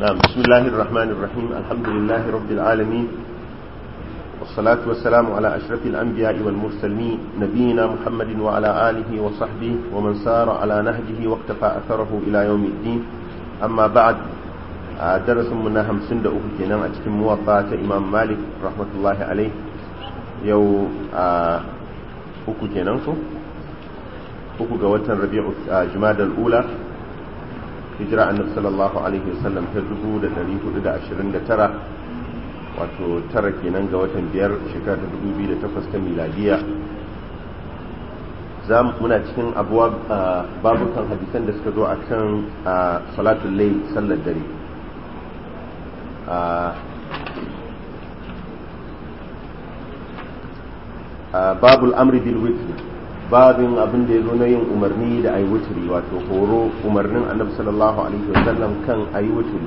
نعم بسم الله الرحمن الرحيم الحمد لله رب العالمين والصلاة والسلام على أشرف الأنبياء والمرسلين نبينا محمد وعلى آله وصحبه ومن سار على نهجه واقتفى أثره إلى يوم الدين أما بعد درس من أهم سند أخوكينا أتكم موطاة إمام مالك رحمة الله عليه يو أخوكينا أخوكينا أخوكينا أخوكينا أخوكينا أخوكينا hijira annabi sallallahu alaihi wasallam ta 1429 wato tara kenan ga watan biyar shekara ta 2008 ta miladiya za muna cikin abuwa babukan hadisan da suka zo a kan salatul lai sallar dare babul amri bil witr babin abin da ya zo na yin umarni da ayi wuturi wato horo umarnin annabi sallallahu alaihi wa sallam kan ayi wuturi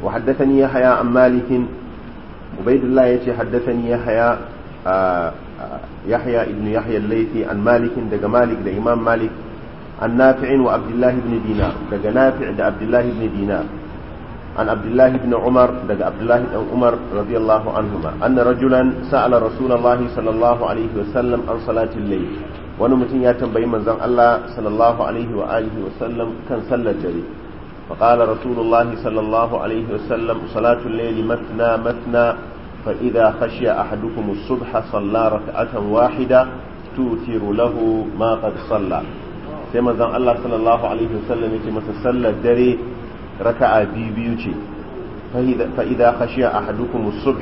wa haddathani haya an malikin ubaidullah ce haddathani yahya yahya ibn yahya al an malikin daga malik da imam malik an nafi'in wa abdullahi ibn dinar daga nafi'in da Abdullahi ibn dinar عن عبد الله بن عمر دق عبد الله بن عمر رضي الله عنهما أن رجلا سأل رسول الله صلى الله عليه وسلم عن صلاة الليل wani mutum ya tambayi manzon Allah sallallahu alaihi wa sallam kan sallar dare fa qala rasulullah sallallahu alaihi wa sallam salatul layl matna matna fa idha khashiya ahadukum as-subha salla rak'atan wahida tutiru lahu ma qad salla sai manzon Allah sallallahu alaihi wa sallam masa sallar dare raka'a biyu biyu ce fa'ida khashiya ahadukum subh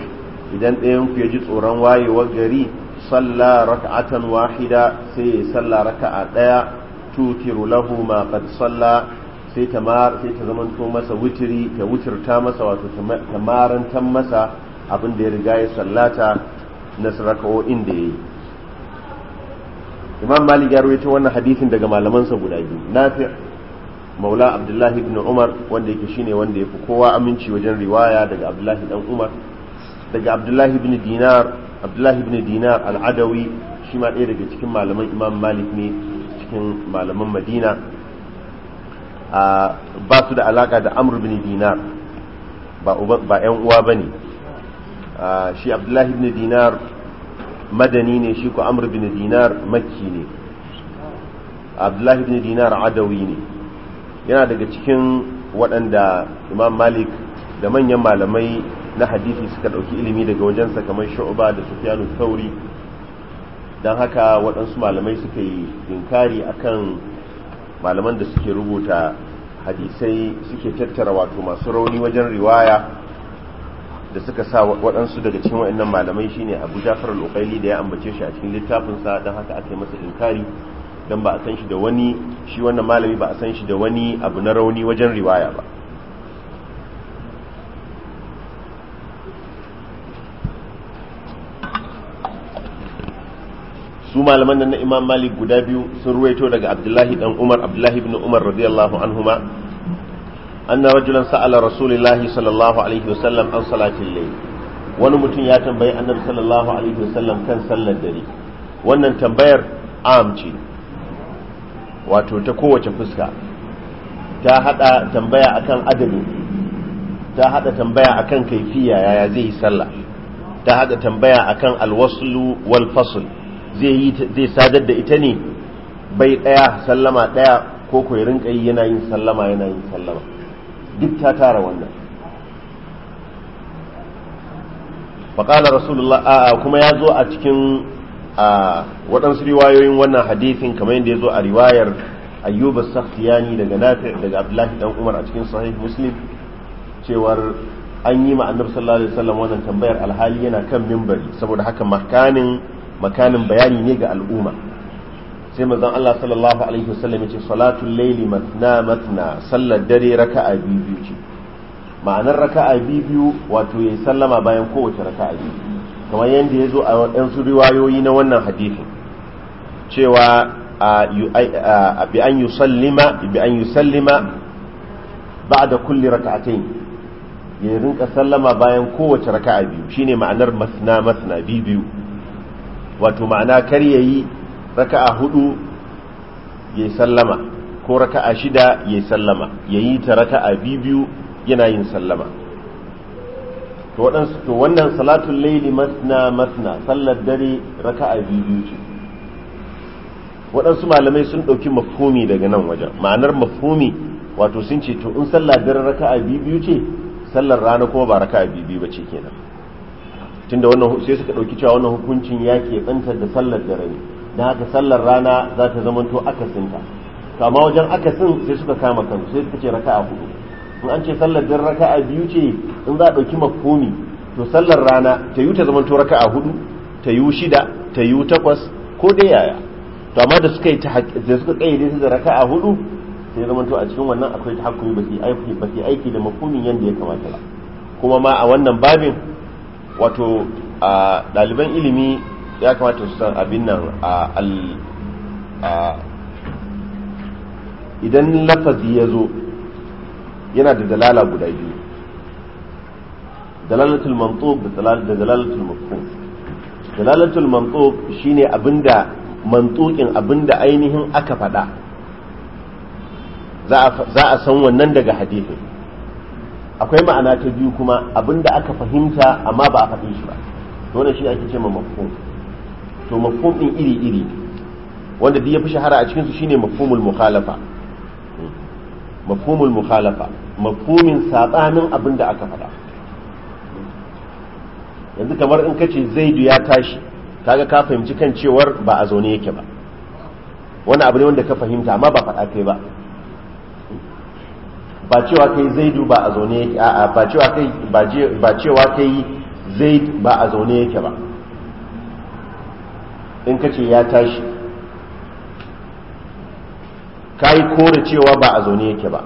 idan ɗayan ku ji tsoron wayewar gari salla raka'atan wahida sai ya salla raka'a daya tutiru lahu ma qad salla sai ta sai ta zamanto masa wutiri ta wutirta masa wato ta marantan masa abin da ya riga ya sallata na raka'o'in da yayi imam malik ya rawaito wannan hadisin daga malamansa guda biyu nafi' maula abdullahi ibn umar wanda yake shine wanda ya fi kowa aminci wajen riwaya daga abdullahi dan umar daga abdullahi ibn dinar abdullahi ibn dinar al-adawi shi ma ɗaya daga cikin malaman imam malik ne cikin malaman madina ba su da alaka da amr ibn dinar ba yan uwa ba ne shi abdullahi ibn dinar madani ne shi ko amr ibn dinar makki ne abdullahi ibn dinar adawi ne yana daga cikin waɗanda imam malik da manyan malamai na hadisi suka ɗauki ilimi daga wajensa kamar shu'ba da sufyanu sauri don haka waɗansu malamai suka yi inkari akan malaman da suke rubuta hadisai suke tattara wato masu rauni wajen riwaya da suka sa waɗansu daga cikin nan malamai shine abu jafar al da ya ambace shi a cikin littafinsa don haka aka yi masa inkari dan ba a san shi da wani shi wannan malami ba a san shi da wani abu na rauni wajen riwaya ba su malaman nan na imam malik guda biyu sun ruwaito daga abdullahi dan umar abdullahi ibn umar radiyallahu anhuma anna rajulan sa'ala rasulullahi sallallahu alaihi wasallam an salatil layl wani mutum ya tambayi annabi sallallahu alaihi wasallam kan sallar dare wannan tambayar am ce wato ta kowace fuska ta hada tambaya akan adadin ta hada tambaya akan kaifiya yaya zai yi sallah ta hada tambaya akan alwaslu wal fasl zai yi zai sadar da ita ne bai daya sallama daya ko ko ya rinka yi yana yin sallama yana yin sallama duk ta tara wannan faqala rasulullah a kuma ya zo a cikin a waɗansu riwayoyin wannan hadithin kamar yadda ya zo a riwayar ayyubar saftiyani daga nafi daga abdullahi dan umar a cikin sahih muslim cewar an yi ma annabi sallallahu alaihi wasallam wannan tambayar alhali yana kan mimbari saboda haka makanin makanin bayani ne ga al'umma sai manzon Allah sallallahu alaihi wasallam yace salatul layli matna matna sallar dare raka'a biyu ce ma'anar raka'a biyu wato yayi sallama bayan kowace raka'a biyu kamar yadda ya zo a waɗansu riwayoyi na wannan hadisin cewa bi an yi sallima bi an yusallima ba'da kulli rak'atayn ya rinka sallama bayan kowace raka'a biyu shine ma'anar masna masna biyu biyu wato ma'ana kar raka raka'a hudu yi sallama ko raka'a shida yi sallama ya yi ta raka'a biyu biyu yana yin sallama to waɗansu to wannan salatul laili masna masna sallar dare raka'a biyu ce waɗansu malamai sun ɗauki mafhumi daga nan wajen ma'anar mafhumi wato sun ce to in sallar dare raka'a biyu ce sallar rana kuma ba raka'a biyu ba ce kenan tunda wannan sai suka ɗauki cewa wannan hukuncin ya ke tsantar da sallar dare ne da haka sallar rana za ta zamanto akasinta to amma wajen akasin sai suka kama kansu sai suka ce raka'a hudu in an ce sallar din raka'a biyu ce in za a ɗauki makomi to sallar rana ta yi ta to raka'a hudu ta yi shida ta yi takwas ko dai yaya to amma da suka yi da suka kayyade su da raka'a hudu sai to a cikin wannan akwai ta hakkumi ba su aiki ba su aiki da makomi yanda ya kamata ba kuma ma a wannan babin wato a ɗaliban ilimi ya kamata su san abin nan a idan lafazi ya zo yana da dalala guda biyu dalalatul mantub da dalalatul mafhum dalalatul mantub shine abinda mantukin abinda ainihin aka faɗa za a san wannan daga hadisin akwai ma'ana ta biyu kuma abinda aka fahimta amma ba a faɗi shi ba dole shi ake ce ma mafhum to mafhum din iri iri wanda duk ya fi shahara a cikinsu shine mafhumul mukhalafa mafhumul mukhalafa mafhumin sabanin abin da aka faɗa yanzu kamar in kace zaidu ya tashi kaga ka fahimci kan cewar ba a zaune yake ba wani abu ne wanda ka fahimta amma ba faɗa kai ba ba cewa kai zaidu ba a zaune yake a ba cewa kai ba cewa kai zaid ba a zaune yake ba in kace ya tashi ka yi kore cewa ba a zaune yake ba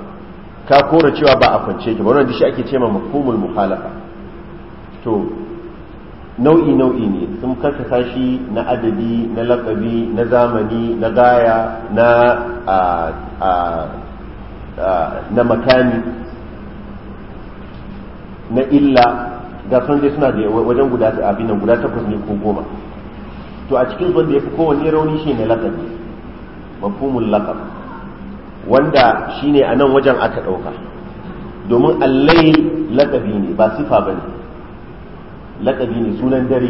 ka kore cewa ba a kwance yake ba wannan shi ake ce mafhumul mukhalafa to nau'i nau'i ne sun karkasa shi na adadi na lakabi na zamani na gaya na na makani na illa ga sun dai suna da wajen guda abin nan guda takwas ne ko goma to a cikin zuwan da ya fi kowanne rauni shi ne lakabi mafhumul lakab wanda shine a nan wajen aka ɗauka domin allai laƙabi ne ba sifa ba ne laƙabi ne sunan dare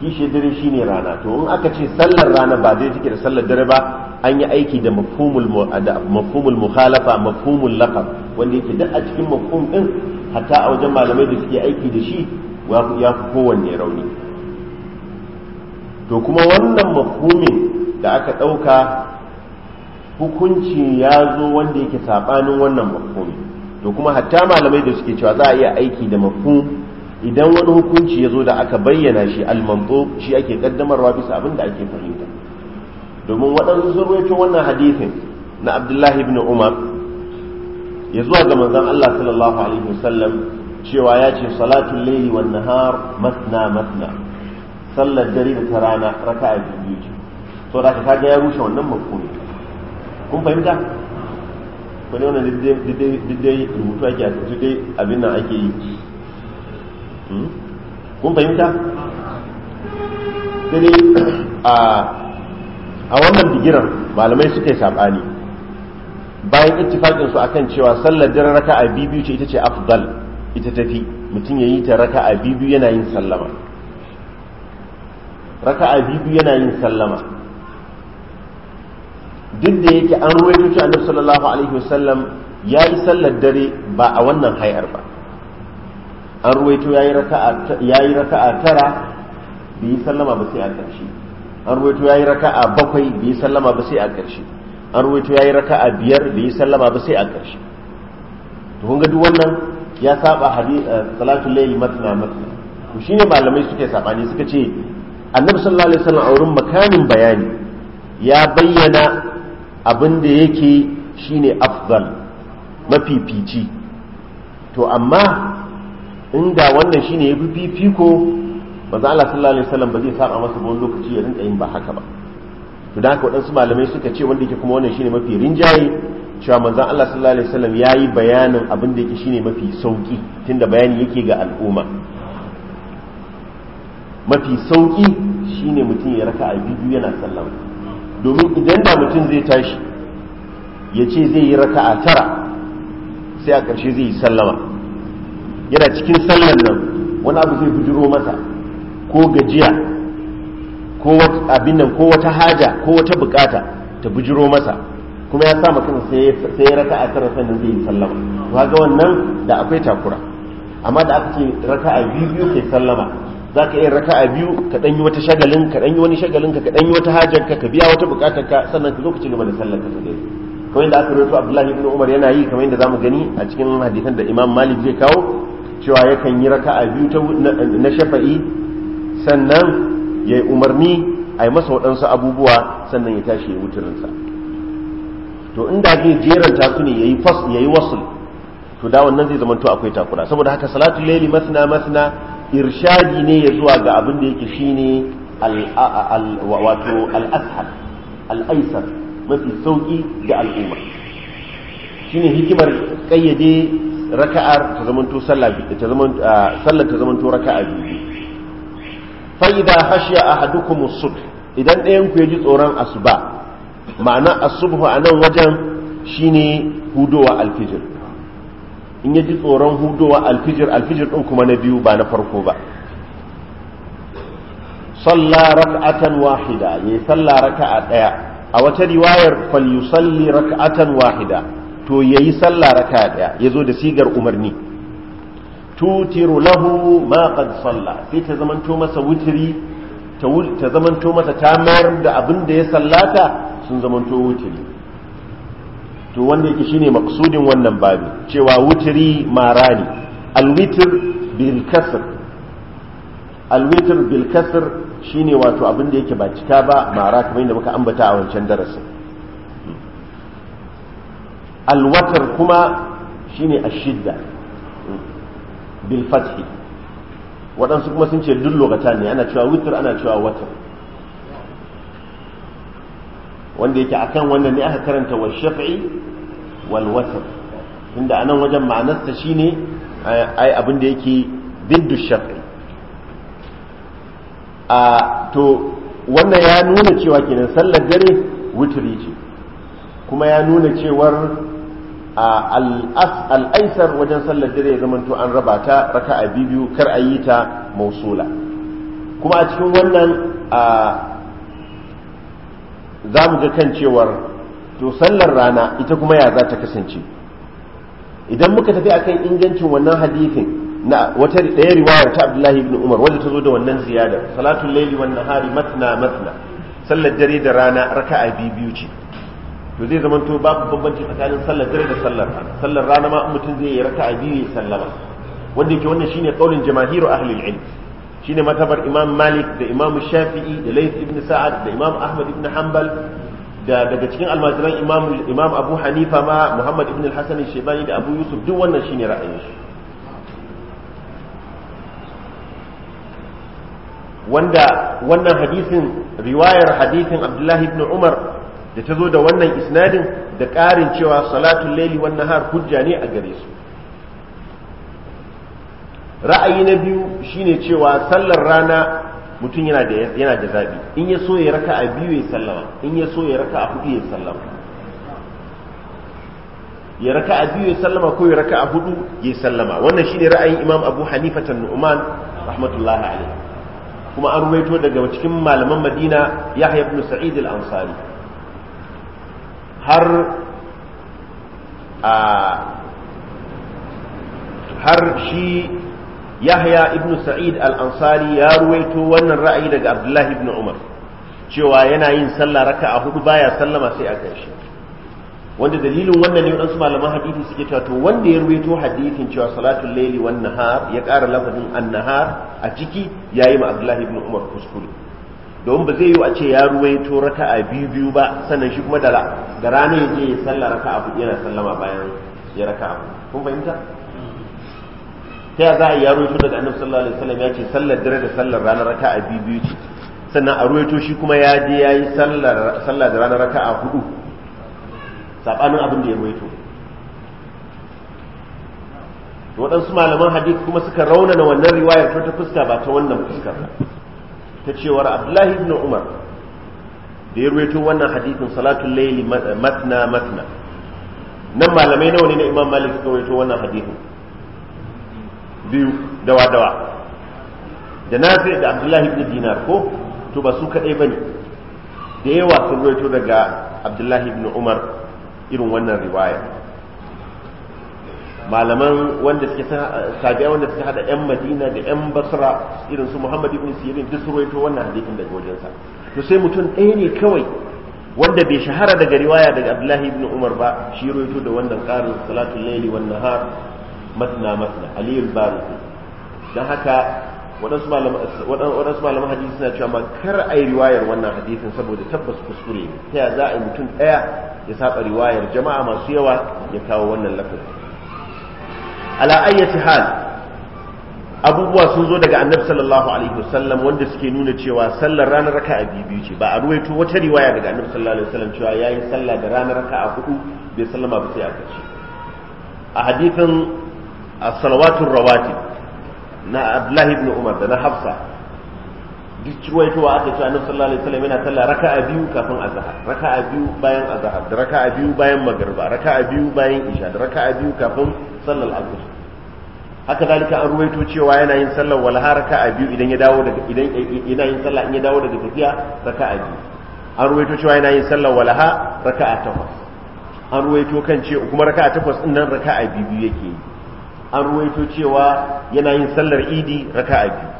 kishe dare shine rana to in aka ce sallar rana ba zai take da sallar dare ba an yi aiki da mafhumul muhalafa mafumul mukhalafa mafhumul laqab wanda yake duk a cikin mafhum ɗin hatta a wajen malamai da suke aiki da shi ya fi kowanne rauni to kuma wannan mafhumin da aka ɗauka hukunci ya zo wanda yake saɓanin wannan mafhumi to kuma hatta malamai da suke cewa za a iya aiki da mafhum idan wani hukunci ya zo da aka bayyana shi almanto shi ake kaddamarwa bisa abin da ake fahimta domin waɗansu sun rawaito wannan hadithin na abdullahi ibn umar ya zuwa ga manzon allah sallallahu alaihi wasallam cewa ya ce salatul layli wan nahar matna matna sallar dare da ta rana raka'a biyu ce to da ka ga ya rushe wannan mafhumi kun fahimta ko ne wannan diddai rubutu ake a diddai abin nan ake yi hmm? kun fahimta sai a wannan bigiran malamai suka yi saɓani bayan ittifaƙin su akan cewa sallar dare a biyu ce ita ce afdal ita tafi mutum ya yi ta a biyu yana yin sallama a biyu yana yin sallama duk da yake an ruwaito cewa annabi sallallahu alaihi wasallam ya yi sallar dare ba a wannan hayar ba an ruwaito ya yi raka'a tara bai yi sallama ba sai a ƙarshe an ruwaito ya yi raka'a bakwai bai yi sallama ba sai a ƙarshe an ruwaito ya yi raka'a biyar bai yi sallama ba sai a ƙarshe to kun ga duk wannan ya saba hadith eh, salatu layli matna matna to shine malamai suke sabani suka ce annabi sallallahu alaihi wasallam a wurin makamin bayani ya bayyana abin da yake shine afdal mafifici to amma inda wannan shine ya fi ba za Allah sallallahu alaihi wasallam ba zai saba masa ba lokaci ya rinka yin ba haka ba to da haka waɗansu malamai suka ce wanda yake kuma wannan shine mafi rinjaye cewa manzo Allah sallallahu alaihi wasallam yayi bayanin abin da yake shine mafi sauki tunda bayani yake ga al'umma mafi sauki shine mutum ya raka a biyu yana sallama domin idan da mutum zai tashi ya ce zai yi raka'a tara sai a ƙarshe zai yi sallama yana cikin sallan nan wani abu zai bujiro masa ko gajiya ko abin nan ko wata haja ko wata bukata ta bujiro masa kuma ya sa mutum sai ya raka'a tara sannan zai yi sallama to ga wannan da akwai takura amma da aka ce raka'a biyu biyu kai sallama za ka yi a biyu ka ɗanyi wata shagalin ka ɗanyi wani shagalin ka ɗanyi wata hajar ka biya wata bukatar ka sannan ka zo ka ci gaba da sallar ka sai kamar yadda aka rubuta Abdullahi ibn Umar yana yi kamar yadda zamu gani a cikin hadisan da Imam Malik zai kawo cewa yakan yi raka a biyu ta na shafa'i sannan ya umarni a yi masa waɗansu abubuwa sannan ya tashi ya wuturinsa to inda zai jeranta su ne ya yi fas ya wasul to da wannan zai zamanto akwai takura saboda haka salatu laili masna masna irshadi ne ya zuwa ga abin da yake shine wato al'ashar al'aisar mafi sauƙi ga al'umma shine hikimar ƙayyade raka'ar ta zamanto sallar ta zamanto raka'a biyu fa'ida hashiya haɗu kuma subh idan ɗayan ku ya ji tsoron asuba ma'ana as a nan wajen shine hudowa alfijir in ya ji tsoron hudowa alfijir alfijir ɗin kuma na biyu ba na farko ba salla raka'atan wahida ya yi salla raka'a ɗaya a wata riwayar fal yusalli wahida to ya yayi salla raka'a ɗaya zo da sigar umarni tutiru lahu ma qad salla sai ta zamanto masa wutiri ta zamanto masa ta mayar da abin da ya sallata sun zamanto wutiri to wanda yake shine maksudin wannan babi cewa wutiri marani alwitr bil kasr alwitr bil kasr shine wato abin da yake ba cika ba mara kamar yadda muka ambata a wancan darasin alwatar kuma shine ashidda bil fathi waɗansu kuma sun ce duk lokata ne ana cewa witr ana cewa watar wanda yake akan wannan ne aka karanta wa shafi'i wal inda tunda anan wajen ma'anarsa shine eh, ai abin da yake diddu shafi'i a to wannan ya nuna cewa kenan sallar dare wuturi ce kuma ya nuna cewar al'aisar wajen sallar dare ya zamanto an raba ta raka'a biyu kar a yi ta mausula kuma a cikin wannan za mu ga kan cewar to sallar rana ita kuma ya za ta kasance idan muka tafi akan ingancin wannan hadithin na wata ɗaya riwayar ta Abdullahi ibn Umar wadda ta zo da wannan ziyadar salatun laili wannan hari matna matna sallar dare da rana a biyu biyu ce to zai zama to babu bambanci tsakanin sallar dare da sallar rana sallar rana ma mutum zai yi a biyu ya sallama wanda yake wannan shine kaulin jamaahiru ahlul ilm shine matabar imam malik da imam shafi'i da layth ibn sa'ad da imam ahmad ibn hanbal da daga cikin almajiran imam imam abu hanifa ma muhammad ibn Hassan hasan shaibani da abu yusuf duk wannan shine ra'ayin shi wanda wannan hadisin riwayar hadisin abdullahi ibn umar da ta zo da wannan isnadin da ƙarin cewa salatul laili wannan har hujja ne a gare su ra'ayi na biyu shine cewa sallar rana mutum yana da yana da zabi in ya so ya raka a biyu ya sallama in ya so ya raka a hudu ya sallama ya raka a biyu ya sallama ko ya raka a hudu ya sallama wannan shine ra'ayin imam abu hanifa nu'man rahmatullahi alaihi kuma an ruwaito daga cikin malaman madina yahya ibn sa'id al-ansari har a har shi yahya ibnu sa'id al-ansari ya ruwaito wannan ra'ayi daga abdullahi ibn umar cewa yana yin sallah raka'a hudu baya sallama sai a kanshi wanda dalilin wannan ne wadansu malaman hadisi suke cewa to wanda ya ruwaito hadisin cewa salatul layli wan nahar ya ƙara lafazin an-nahar a ciki yayi ma abdullahi ibn umar kuskure don ba zai yi a ce ya ruwaito raka'a biyu biyu ba sannan shi kuma da ranar ya je ya sallah raka'a hudu yana sallama bayan ya raka'a kun fahimta ta za a yi yaro daga annabi sallallahu alaihi wasallam ya ce sallar dare da sallar ranar raka'a biyu biyu ce sannan a ruwaito shi kuma ya je ya yi sallar da ranar a hudu sabanin abin da ya ruwaito waɗansu malaman hadith kuma suka raunana wannan riwayar ta fuska ba ta wannan fuskar ta cewar abdullahi ibn umar da ya ruwaito wannan hadithin salatul layli matna matna nan malamai nawa ne na imam malik suka ruwaito wannan hadithin biyu dawa dawa da na nafi da abdullahi ibn dinar ko to ba su kadai ne da yawa sun rawaito daga abdullahi ibn umar irin wannan riwaya malaman wanda suke sabiya wanda suke hada yan madina da yan basra irin su muhammad ibn sirin duk sun wannan hadisin daga wajensa to sai mutum ɗaya ne kawai wanda bai shahara daga riwaya daga abdullahi ibn umar ba shi rawaito da wannan karin salatul laili wannan har matna matna aliyul bariki don haka waɗansu malaman hadisi suna cewa ma kar a yi riwayar wannan hadisin saboda tabbas kuskure ne ta ya za a yi mutum ɗaya ya saba riwayar jama'a masu yawa ya kawo wannan lafazi ala ayyati hal abubuwa sun zo daga annabi sallallahu alaihi wasallam wanda suke nuna cewa sallar ranar raka'a a biyu ce ba a ruwaito wata riwaya daga annabi sallallahu alaihi wasallam cewa yayi sallah da ranar raka'a hudu bai sallama ba sai a kace a hadithin a salawatun rawati na abdullahi ibn umar da na hafsa duk ruwaitowa aka ce annabi sallallahu alaihi wasallam yana sallah raka'a biyu kafin azhar raka'a biyu bayan azhar da raka'a biyu bayan magriba raka'a biyu bayan isha da raka'a biyu kafin sallar asr haka zalika an ruwaito cewa yana yin sallar walha raka'a biyu idan ya dawo daga idan yana yin sallah in ya dawo daga tafiya raka'a biyu an ruwaito cewa yana yin sallar walha raka'a takwas an ruwaito kan ce kuma raka'a takwas din nan raka'a biyu yake yi an ruwaito cewa yana yin sallar idi raka a biyu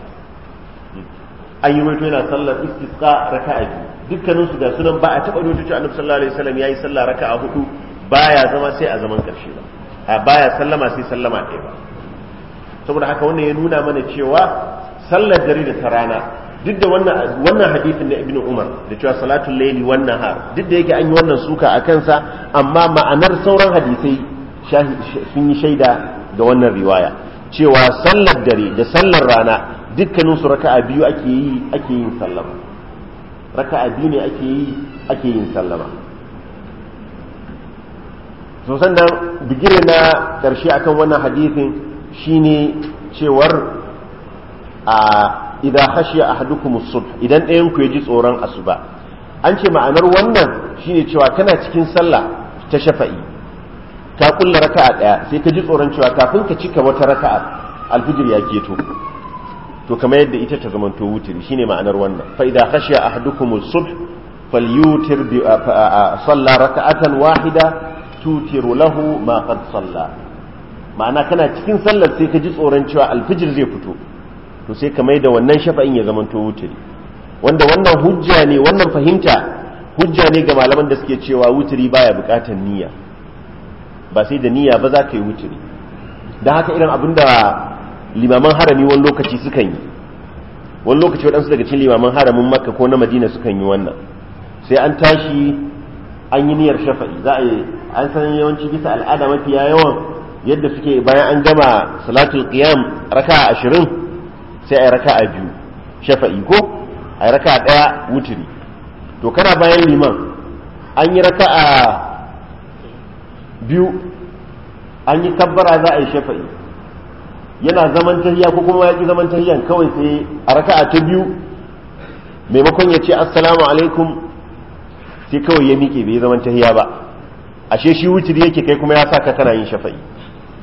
an yi ruwaito yana sallar istisqa a biyu dukkanin su ga sunan ba a taɓa ruwaito cewa annabi sallallahu alaihi wasallam yayi sallah a hudu baya zama sai a zaman karshe ba a baya sallama sai sallama ɗaya ba saboda haka wannan ya nuna mana cewa sallar dare da ta rana duk da wannan wannan hadisin na ibnu umar da cewa salatul layli wannan har duk da yake an yi wannan suka a kansa amma ma'anar sauran hadisai sun yi shaida ga wannan riwaya cewa sallar dare da sallar rana dukkanin su raka'a biyu ake yi ake yin sallama raka'a biyu ne ake yi ake yin sallama so da bigire na karshe akan wannan hadisin shine cewar a idza khashiya ahadukum as-subh idan ɗayan ku ji tsoron asuba an ce ma'anar wannan shine cewa kana cikin sallah ta shafa'i ka kulla raka'a daya sai ka ji tsoron cewa kafin ka cika wata raka'a alfijir ya keto to kamar yadda ita ta zamanto wutiri shine ma'anar wannan fa idza khashiya ahadukum as-subh falyutir bi salla raka'atan wahida tutiru lahu ma qad salla ma'ana kana cikin sallar sai ka ji tsoron cewa alfijir zai fito to sai ka mai da wannan shafa'in ya zamanto wutiri wanda wannan hujja ne wannan fahimta hujja ne ga malaman da suke cewa wutiri baya bukatar niyya ba sai da niyya ba za ka yi wuturi da haka irin abin da limaman harami wani lokaci sukan yi wani lokaci waɗansu daga cikin limaman haramin makka ko na madina sukan yi wannan sai an tashi an yi niyyar shafa'i za a yi an san yawanci bisa al'ada mafi yawan yadda suke bayan an gama salatul qiyam raka ashirin sai a yi raka biyu shafa'i ko a yi raka ɗaya wuturi to kana bayan liman an yi raka'a biyu an yi tabbara za a yi shafa'i yana zaman tahiya ko kuma ya ki zaman tahiyan kawai sai a raka'a ta biyu maimakon ya ce assalamu alaikum sai kawai ya miƙe bai zaman tahiya ba ashe shi wuturi yake kai kuma ya sa ka kana yin shafa'i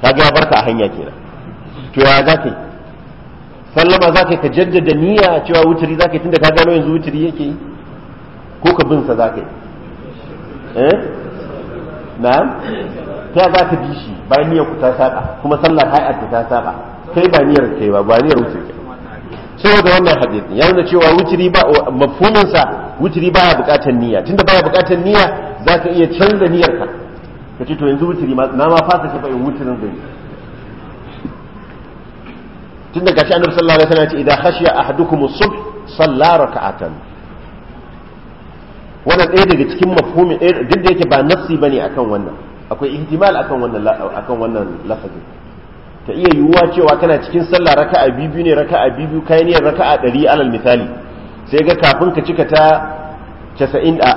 ka ga barka a hanya kenan to ya za ka sallama za ka jaddada niyya cewa wuturi za ka tunda ka gano yanzu wuturi yake ko ka bin sa za ka yi eh na'am ta za ta bi shi bayan niyyar ku ta saba kuma sallar hay'ar ta saba kai ba niyyar kai ba ba niyyar wuce sai saboda wannan hadisin ya nuna cewa wuciri ba mafhumin sa wuciri ba ya bukatar niyya tunda baya bukatar niyya za ka iya canza niyyar ka ka ce to yanzu wuciri ma na ma fasa shafa in wucirin zai tunda gashi annabi sallallahu alaihi wasallam ya ce idan khashiya ahadukum as-subh salla raka'atan wannan ɗaya daga cikin mafhumin duk da yake ba nafsi bane akan wannan akwai ihtimal akan wannan akan wannan lafazi ta iya yiwuwa cewa kana cikin sallah raka'a biyu ne raka'a biyu kai ne raka'a ɗari alal misali sai ga kafin ka cika ta 90 a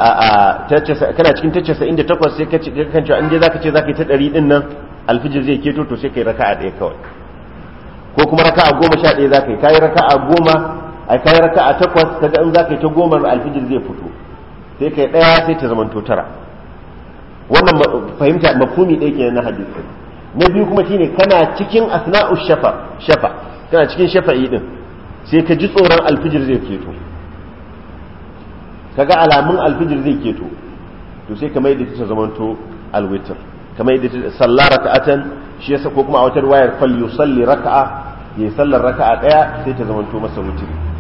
kana cikin ta 98 sai ka cika kan cewa in dai zaka ce zaka yi ta ɗari din nan alfijir zai keto to sai kai raka'a ɗaya kawai ko kuma raka'a goma sha ɗaya zaka yi kai raka'a goma ai kai raka'a takwas kaga in zaka yi ta goma alfijir zai fito sai kai daya sai ta zamanto tara wannan fahimta mafhumi ɗaya kenan na hadisi na biyu kuma shine kana cikin asna'u shafa shafa kana cikin shafa'i din sai ka ji tsoron alfijir zai keto kaga alamun alfijir zai keto to sai ka mai da ta zamanto alwitr da yadda Sallar raka'atan shi yasa ko kuma a wutar wayar fal yusalli raka'a yayi sallar raka'a daya sai ta zamanto masa wutri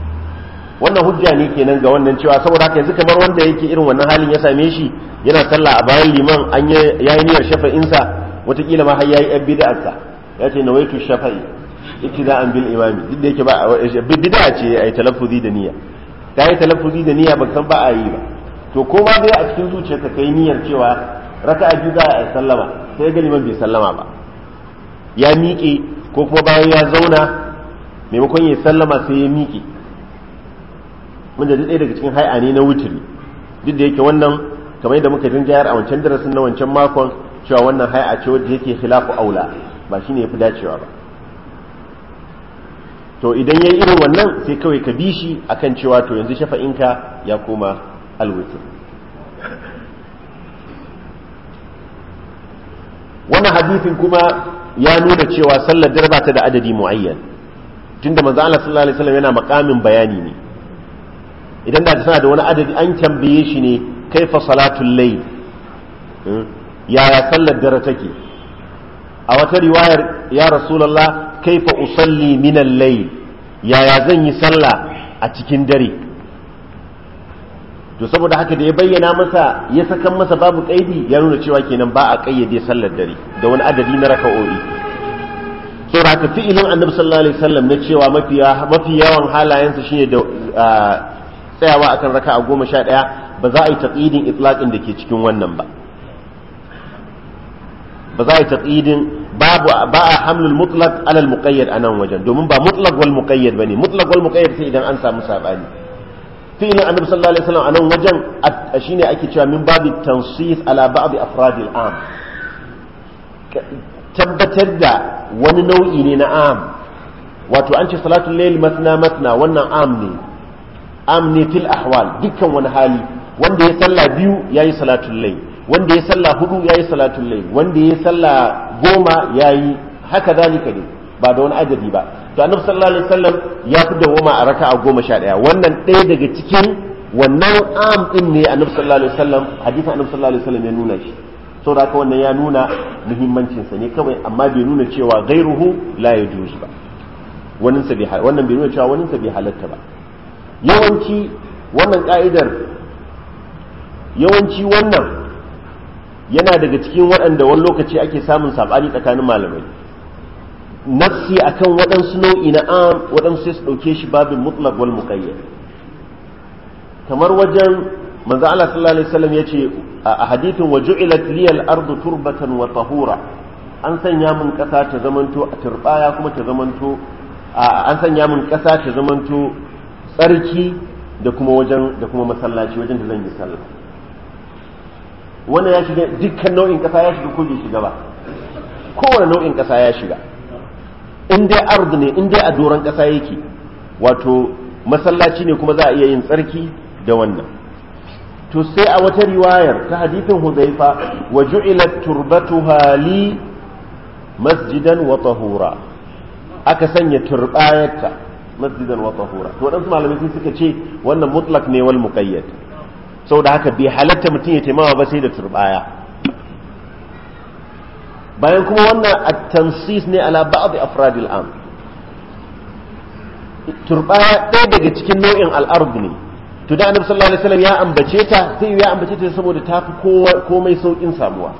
wannan hujja ne kenan ga wannan cewa saboda haka yanzu kamar wanda yake irin wannan halin ya same shi yana sallah a bayan liman an ya yi niyyar shafa'insa watakila ma har ya yi yan ya ce nawaitu shafa'i iktida'an bil imami duk da yake ba bida'a ce ai talaffuzi da niyya ta yi talaffuzi da niyya ba san ba a yi ba to ko ba dai a cikin zuciyarka kai niyyar cewa raka'a biyu za a sallama sai ga liman bai sallama ba ya miƙe ko kuma bayan ya zauna maimakon ya sallama sai ya miƙe mun da ɗaya daga cikin hai'a ne na wuturi duk da yake wannan kamar yadda muka yar a wancan darasin na wancan makon cewa wannan hay'a ce wadda yake khilafu aula ba shine yafi dacewa ba to idan yayi irin wannan sai kawai ka bi shi akan cewa to yanzu shafa'inka ya koma alwitr wannan hadisin kuma ya nuna cewa sallar darba ta da adadi muayyan tunda manzo Allah sallallahu alaihi wasallam yana makamin bayani ne idan da suna da wani adadi an tambaye shi ne kai fa salatul layl hmm? yaya sallar dare take a wata riwayar ya rasulullah fa usalli min al-layl yaya zan yi sallah a cikin dare to saboda haka da ya bayyana masa ya saka masa babu kaidi ya nuna cewa kenan ba a kayyade sallar dare da wani adadi na raka'o'i saboda haka fi'ilin annabi sallallahu alaihi wasallam na cewa mafi yawan halayensa shine da ah, tsayawa akan raka a goma sha ɗaya ba za a yi taqidin itlaqin da ke cikin wannan ba ba za a yi taqidin babu ba a hamlul mutlaq alal al anan wajen domin ba mutlaq wal muqayyad bane mutlaq wal muqayyad sai idan an samu sabani fi'ilin annabi sallallahu alaihi wasallam anan wajen shine ake cewa min babu Tansis ala ba'd afradil am tabbatar da wani nau'i ne na am wato an ce salatul layl matna matna wannan am ne amni ahwal dukkan wani hali wanda ya sallah biyu yayi salatul layl wanda ya sallah hudu yayi salatul layl wanda ya sallah goma yayi haka zalika ne ba da wani ajabi ba to annabi sallallahu alaihi wasallam ya fi dawoma a raka'a goma sha ɗaya wannan ɗaya daga cikin wannan am din ne annabi sallallahu alaihi wasallam hadisin annabi sallallahu alaihi wasallam ya nuna shi saboda haka wannan ya nuna muhimmancinsa ne kawai amma bai nuna cewa gairuhu la yajuz ba wannan bai nuna cewa wannan bai halatta ba yawanci wannan ka'idar yawanci wannan yana daga cikin waɗanda wani lokaci ake samun saɓani tsakanin malamai nafsi akan waɗansu nau'i na am waɗansu ya su ɗauke shi babin mutlak wal muqayyad kamar wajen manzo Allah sallallahu alaihi wasallam yace a hadithin wa ju'ilat liyal ardu turbatan wa tahura an sanya mun kasa ta zamanto a turbaya kuma ta zamanto an sanya mun kasa ta zamanto tsarki da kuma wajen da kuma masallaci wajen da zan yi sallah wannan ya shiga dukkan nau'in kasa ya shiga ko bai shiga ba kowane nau'in kasa ya shiga in dai ardu ne in dai a doron kasa yake wato masallaci ne kuma za a iya yin tsarki da wannan to sai a wata riwayar ta hadithin hudaifa wa ju'ilat turbatuha li masjidan wa tahura aka sanya turbayarta masjidan wa tahura to wadansu malamai sun suka ce wannan mutlak ne wal muqayyad saboda haka bai halatta mutum ya taimawa ba sai da turbaya bayan kuma wannan at-tansis ne ala ba'd afradil am turbaya ɗaya daga cikin nau'in al'ard ne to da annabi sallallahu alaihi wasallam ya ambace ta sai ya ambace ta saboda ta fi komai saukin samuwa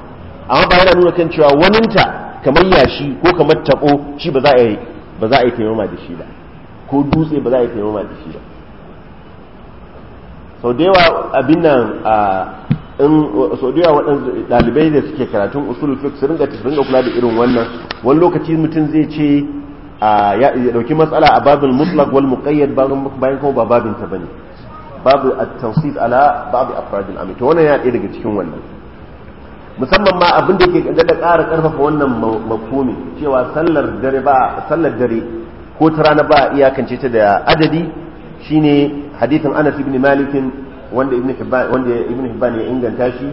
amma ba yana nuna kan cewa waninta kamar yashi ko kamar tabo shi ba za a yi ba za a yi taimama da shi ba ko dutse ba za a yi taimama da shi ba sau da yawa abin nan a in sau da yawa waɗansu ɗalibai da suke karatun usulul fiqh su ringa su ringa kula da irin wannan wani lokaci mutum zai ce ya dauki matsala a babin mutlaq wal muqayyad bayan kuma ba babin ta bane babu at-tansif ala babu afradil amin to wannan ya ɗaya daga cikin wannan musamman ma abin da ke da ƙara ƙarfafa wannan makomi cewa sallar dare ba sallar dare ko ta rana ba iyakance ta da adadi shine hadithin Anas ibn Malik wanda Ibn Hibban wanda Ibn Hibban ya inganta shi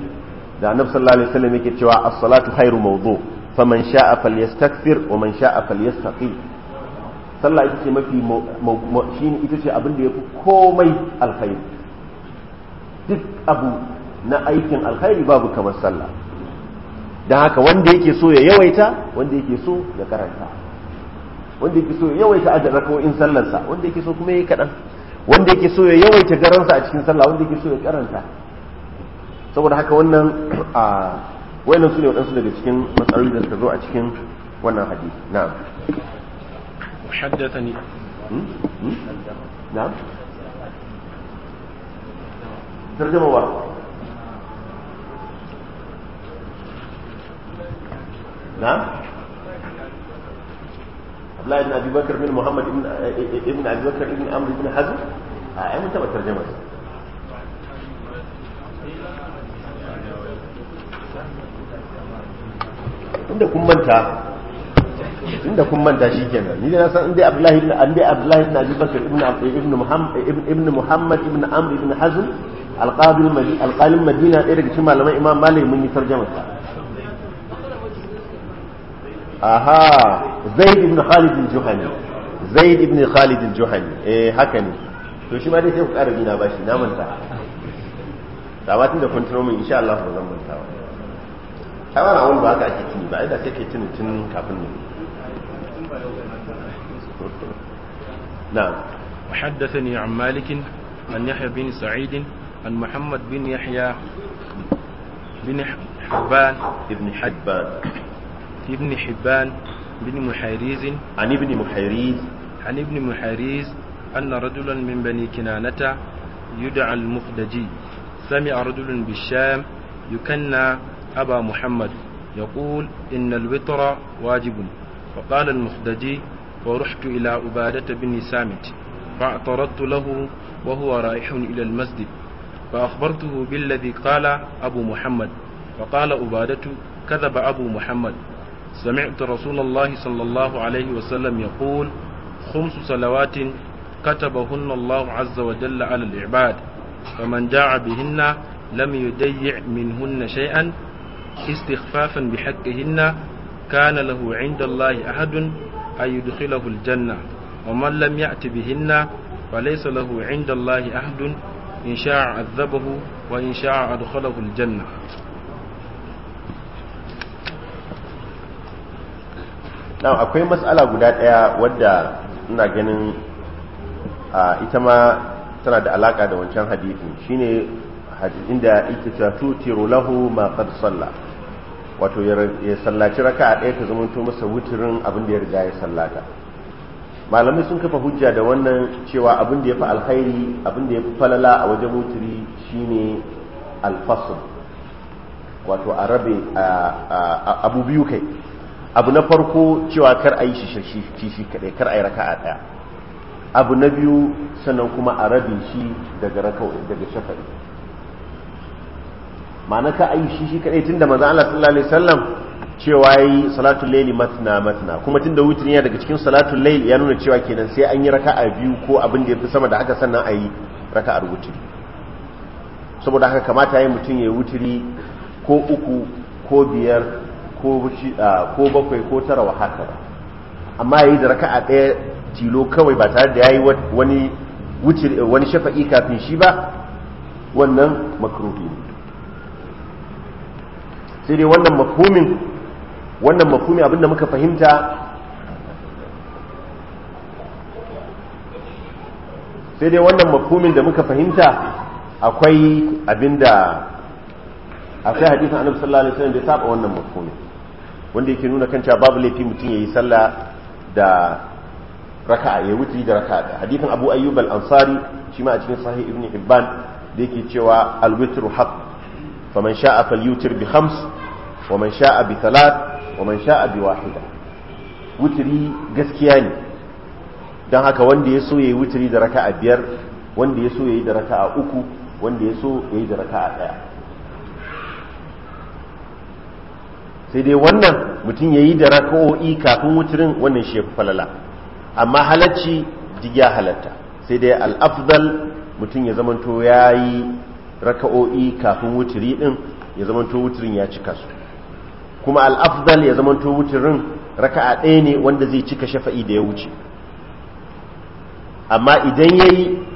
da Annabi sallallahu alaihi wasallam yake cewa as-salatu khairu mawdu faman sha'a falyastakthir wa man sha'a falyastaqi sallah ita ce mafi shine ita ce abin da yafi komai alkhairi duk abu na aikin alkhairi babu kamar sallah dan haka wanda yake so ya yawaita wanda yake so ya karanta wanda yake so ya yawaita ajin in sallarsa wanda yake so kuma ya yi kaɗan wanda yake so ya yawaita garansa a cikin sallah wanda yake so ya karanta saboda haka wannan a wayannan su ne waɗansu daga cikin matsaloli da suka zo a cikin wannan hadisi na'am haddathani hmm? hmm? na'am na'am Abdullahi ibn Abi Bakr bin Muhammad ibn eh, Abi Bakr ibn Amr ibn Hazm a ah, ai mun taba tarjuma inda kun manta inda kun manta shikenan ni dai na san inda Abdullahi ibn Abi Abdullahi ibn Abi Bakr ibn ibn Muhammad ibn Muhammad ibn Amr ibn Hazm al-Qadi al-qalim Madina ɗaya daga cikin malaman Imam Malik mun yi tarjuma sa aha zaid ibn khalid al-juhani zaid ibn khalid al-juhani eh haka ne to shi ma dai sai ku ƙara jina bashi na manta sabatin da kun tuno min insha Allah ba zan manta ba ai ba wani ba haka ake tuni ba ai da sai ke tuni tun kafin ne na'am وحدثني عن مالك an يحيى بن سعيد an muhammad bin يحيى bin حبان ابن حبان ابن حبان بن محيريز عن ابن محيريز عن ابن محيريز أن رجلا من بني كنانة يدعى المخدجي سمع رجل بالشام يكنى أبا محمد يقول إن الوتر واجب فقال المخدجي ورحت إلى عبادة بن سامت فاعترضت له وهو رائح إلى المسجد فأخبرته بالذي قال أبو محمد فقال عبادة كذب أبو محمد سمعت رسول الله صلى الله عليه وسلم يقول خمس صلوات كتبهن الله عز وجل على العباد فمن جاع بهن لم يديع منهن شيئا استخفافا بحقهن كان له عند الله أحد أن يدخله الجنة ومن لم يأت بهن فليس له عند الله أحد إن شاء عذبه وإن شاء أدخله الجنة nan akwai matsala guda ɗaya wadda ina ganin ita ma tana da alaka da wancan hadithin shine inda ita ta tutiru lahu ma qad salla wato ya sallaci raka a ɗaya ta zamanto masa wuturin abin da ya riga ya sallata malamai sun kafa hujja da wannan cewa abin da ya fi alkhairi abin da ya fi falala a wajen wutiri shine alfasl wato a rabe abu biyu kai abu na farko cewa kar a yi shi shi kaɗai kar a yi raka a ɗaya abu na biyu sannan kuma a rabin shi daga daga shafa'i ma'ana ka a yi shi shi kaɗai tun da maza Allah sallallahu alaihi wasallam cewa ya yi salatun laili matna matna kuma tun da yana daga cikin salatun laili ya nuna cewa kenan sai an yi raka a biyu ko abin da ya fi sama da haka sannan a yi raka a wutri saboda haka kamata ya mutum ya yi wutiri ko uku ko biyar ko bakwai ko tara wa haka amma yayi da raka'a ɗaya tilo kawai ba tare da yayi wani wuce wani shafa'i kafin shi ba wannan makruhi ne sai dai wannan mafhumin wannan mafhumi abinda muka fahimta sai dai wannan mafhumin da muka fahimta akwai abinda akwai hadisin annabi sallallahu alaihi wasallam da ya saba wannan mafhumin wanda yake nuna kan cewa babu laifi mutum yayi sallah da raka'a ya wuce da raka'a hadithin Abu Ayyub al-Ansari shi ma a cikin Sahih Ibn Hibban da yake cewa al witr haqq faman sha'a falyutir bi khams wa man sha'a bi thalath wa man sha'a bi wahida wutri gaskiya ne don haka wanda ya so ya yi da raka'a biyar wanda ya so ya da raka'a uku wanda ya so ya da raka'a ɗaya sai dai wannan mutum ya yi da raka'o'i kafin wucirin wannan shi ya falala amma halacci duk ya halatta sai dai al'afdal mutum ya zamanto ya yi raka'o'i kafin wuturi din ya zamanto wuturin ya cika su kuma al'afdal ya zamanto wuturin raka'a ɗaya ne wanda zai cika shafa'i da ya wuce amma idan ya yi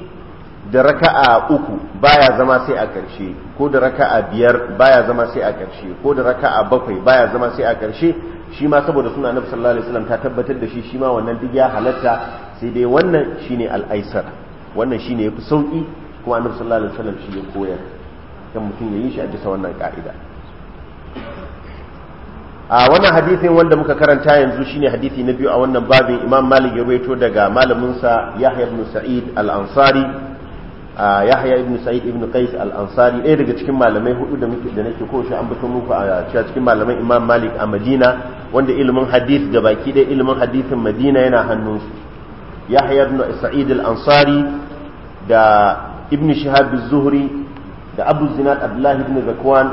da raka'a uku baya zama sai a ƙarshe ko da raka'a biyar baya zama sai a ƙarshe ko da raka'a bakwai baya zama sai a ƙarshe shi ma saboda suna annabi sallallahu alaihi wasallam ta tabbatar da shi shi ma wannan duk ya halatta sai dai wannan shine al-aisar wannan shine yafi sauki kuma na sallallahu alaihi wasallam shi ya koyar kan mutum ya yi shi a bisa wannan ka'ida a wannan hadithin wanda muka karanta yanzu shine hadithi na biyu a wannan babin imam malik ya rawaito daga malamin sa yahya ibn sa'id al-ansari Ah, yahya ibn sa'id ibn qais al-ansari ɗaya daga cikin malamai hudu da muke da nake ko shi an bato muku a cikin malamai imam malik a madina wanda ilimin hadith baki ɗaya ilimin hadithin madina yana hannunsu yahya ibn sa'id al-ansari da ibn shihab az-zuhri da abu zinad abdullahi ibn zakwan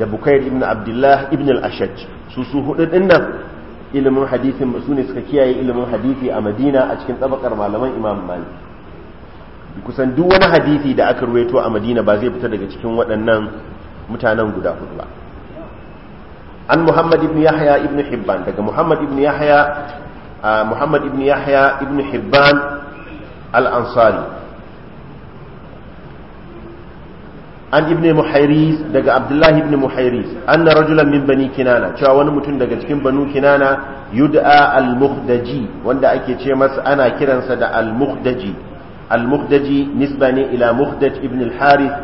da bukair ibn abdullah ibn al-ashaj su su hudu nan ilimin hadithin su ne suka kiyaye ilimin hadithi a madina a cikin tabakar malaman imam malik kusan duk wani hadisi da aka ruwaito a madina ba zai fita daga cikin waɗannan mutanen guda hudu ba an muhammad ibn yahya ibn hibban daga muhammad ibn yahya muhammad ibn yahya ibn hibban al-ansari an ibn muhairis daga abdullahi ibn muhairis anna rajulan min bani kinana cewa wani mutum daga cikin banu kinana yud'a al-mukhdaji wanda ake ce masa ana kiransa da al-mukhdaji al-muhdaji nisba ne ila muhdaj ibn al-harith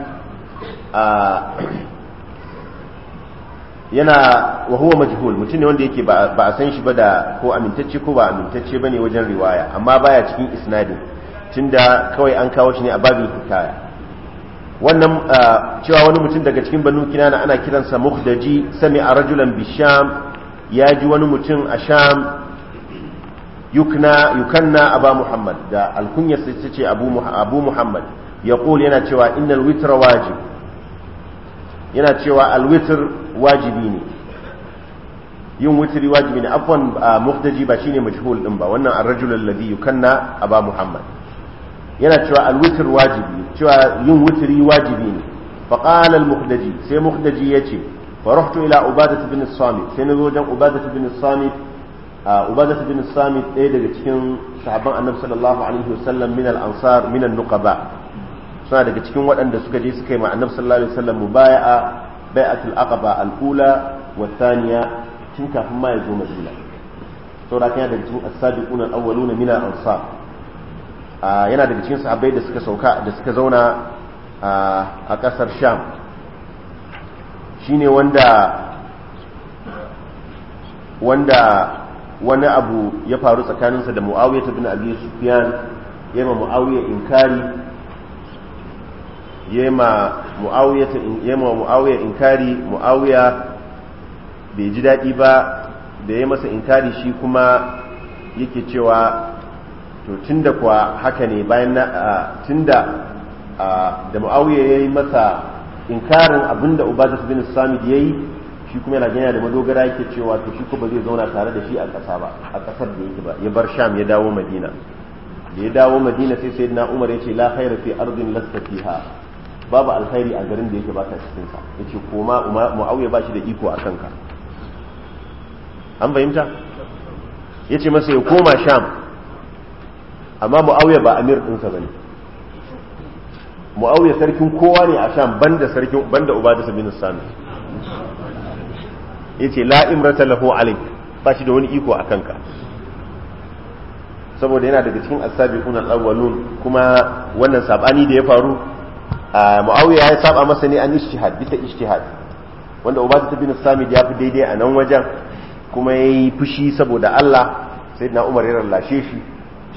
yana wa huwa majhul mutum ne wanda yake ba a san shi ba da ko amintacce ko ba amintacce ba ne wajen riwaya amma baya cikin isnadin tunda kawai an kawo shi ne a babin hikaya wannan cewa wani mutum daga cikin banu kinana ana kiransa muhdaji sami a bisham ya ji wani mutum a sham yukna yukanna aba muhammad da alkunyar sai ta ce abu muhammad ya yana cewa innal witra wajib yana cewa alwitr wajibi ne yin witri wajibi ne afwan muhtaji ba shine majhul din ba wannan ar-rajul alladhi yukanna aba muhammad yana cewa alwitr wajibi cewa yin witri wajibi ne fa qala sai muhtaji yace fa rahtu ila ubadah ibn as-samit sai nazo wajen ubadah ibn as-samit ubada bin sami ɗaya daga cikin sahabban annabi sallallahu alaihi wasallam min al'ansar min an suna daga cikin waɗanda suka je suka yi ma annabi sallallahu alaihi wasallam mubaya'a a aqaba al-ula wa thaniya kafin ma ya zo madina yana cikin da suka zauna a ƙasar sham shine wanda wanda wani abu ya faru tsakaninsa da mu'awiyar ta bin abin sufyan ya ma muawiya inkari ya ma mu'awiyar inkari mu'awiyar bai ji daɗi ba da ya masa inkari shi kuma yake cewa to tunda kuwa haka ne bayan tunda da mu'awiyar ya yi masa inkarin abinda ubazat bin samid ya yi shi kuma yana ganya da madogara yake cewa to shi kuma zai zauna tare da shi a ƙasa ba a ƙasar da yake ba ya bar sham ya dawo madina da ya dawo madina sai sai na umar ya ce la khaira fi ardin lasta fiha babu alkhairi a garin da yake baka cikin sa yace koma muawiya ba shi da iko a kanka an fahimta yace masa ya koma sham amma muawiya ba amir din sa bane muawiya sarkin kowa ne a sham banda sarkin banda ubadisa bin sami yace la imrata lahu alayk ba shi da wani iko a kanka saboda yana daga cikin as-sabiqun al-awwalun kuma wannan sabani da ya faru muawiya ya saba masa ne an ijtihad bisa ijtihad wanda ta bin samid ya fi daidai a nan wajen kuma yayi fushi saboda Allah sai na umar ya rallashe shi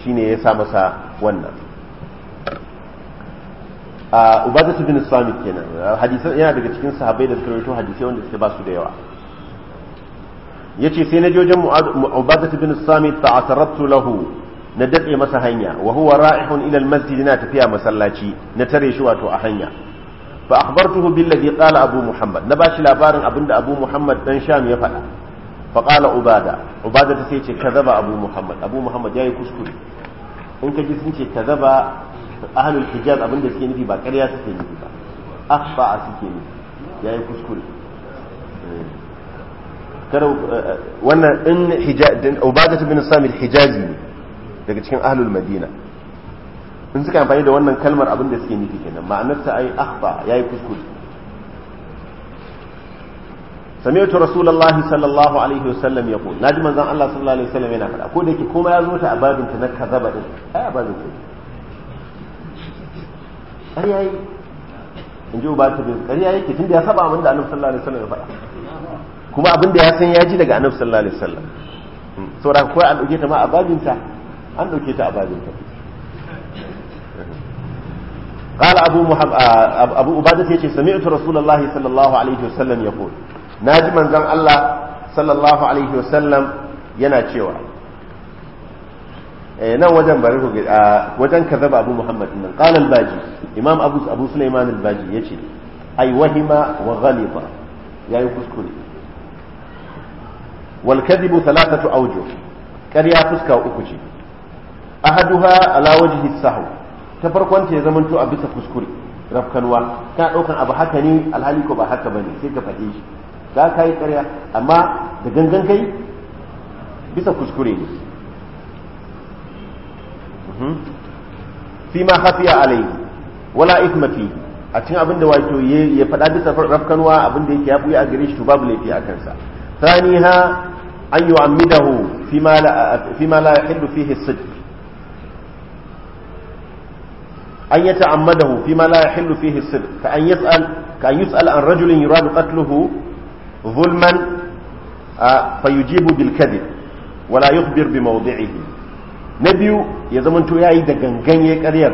shine ya sa masa wannan ta bin samid kenan hadisi yana daga cikin sahabbai da suka rawaito hadisi wanda suke ba su da yawa yace sai na je wajen Ubadah bin Samit fa atarabtu lahu na datse masa hanya wa huwa ra'ihun ila al-masjid na tafiya masallaci na tare shi wato a hanya fa akhbartuhu billadhi qala Abu Muhammad na bashi labarin abinda Abu Muhammad dan Sham ya faɗa fa qala Ubada Ubada ta sai ce kazaba Abu Muhammad Abu Muhammad yayi kuskure in ka ji sun ce kazaba ahlul hijaz abinda suke nufi ba ƙarya suke nufi ba akhfa suke nufi yayi kuskure eh. Eh, wannan in hijazi ubadatu bin samit hijazi ne daga cikin ahlul madina in suka amfani da wannan kalmar abin da suke nufi kenan ta ai akhfa yayi kuskure sami'tu rasulallah sallallahu alaihi wasallam na naji manzon Allah sallallahu alaihi wasallam yana faɗa ko da yake kuma ya zo ta ababin ta na kazaba din ai ababin ta ƙarya yi in ji ubatu bin ƙarya yake tunda ya saba abin da Annabi sallallahu alaihi wasallam ya faɗa kuma abinda ya san ya ji daga annabi sallallahu alaihi wasallam hmm. saboda ko an dauke ta ma a babinta an dauke ta a babinta قال أبو محمد أبو عبادة يجي سمعت رسول الله صلى الله عليه وسلم يقول ناجي من زن الله صلى الله عليه وسلم ينا تشيوى nan wajen bari ku wajen kazaba abu muhammad nan qala al-baji imam abu abu sulaiman al-baji yace ay wahima wa ghaliba yayi kuskure wal kadhibu thalathatu awjuh ƙarya fuska uku ce ahaduha ala wajhi sahw ta farkon ya zamanto a bisa kuskure rafkanwa ka daukan abu haka ne alhali ko ba haka bane sai ka faɗe shi ka yi ƙarya amma da gangan kai bisa kuskure ne mhm. fi ma khafiya alayhi wala ithma a cikin abin da wato ya faɗa bisa rafkanwa abin da yake ya buya a gare shi to babu laifi a kansa ثانيها أن يعمده فيما لا, فيما لا يحل فيه الصدق أن يتعمده فيما لا يحل فيه الصدق كأن يسأل, كأن يسأل عن رجل يراد قتله ظلما آه، فيجيب بالكذب ولا يخبر بموضعه نبي biyu ya zamanto ya أما عند gangan يابي karyar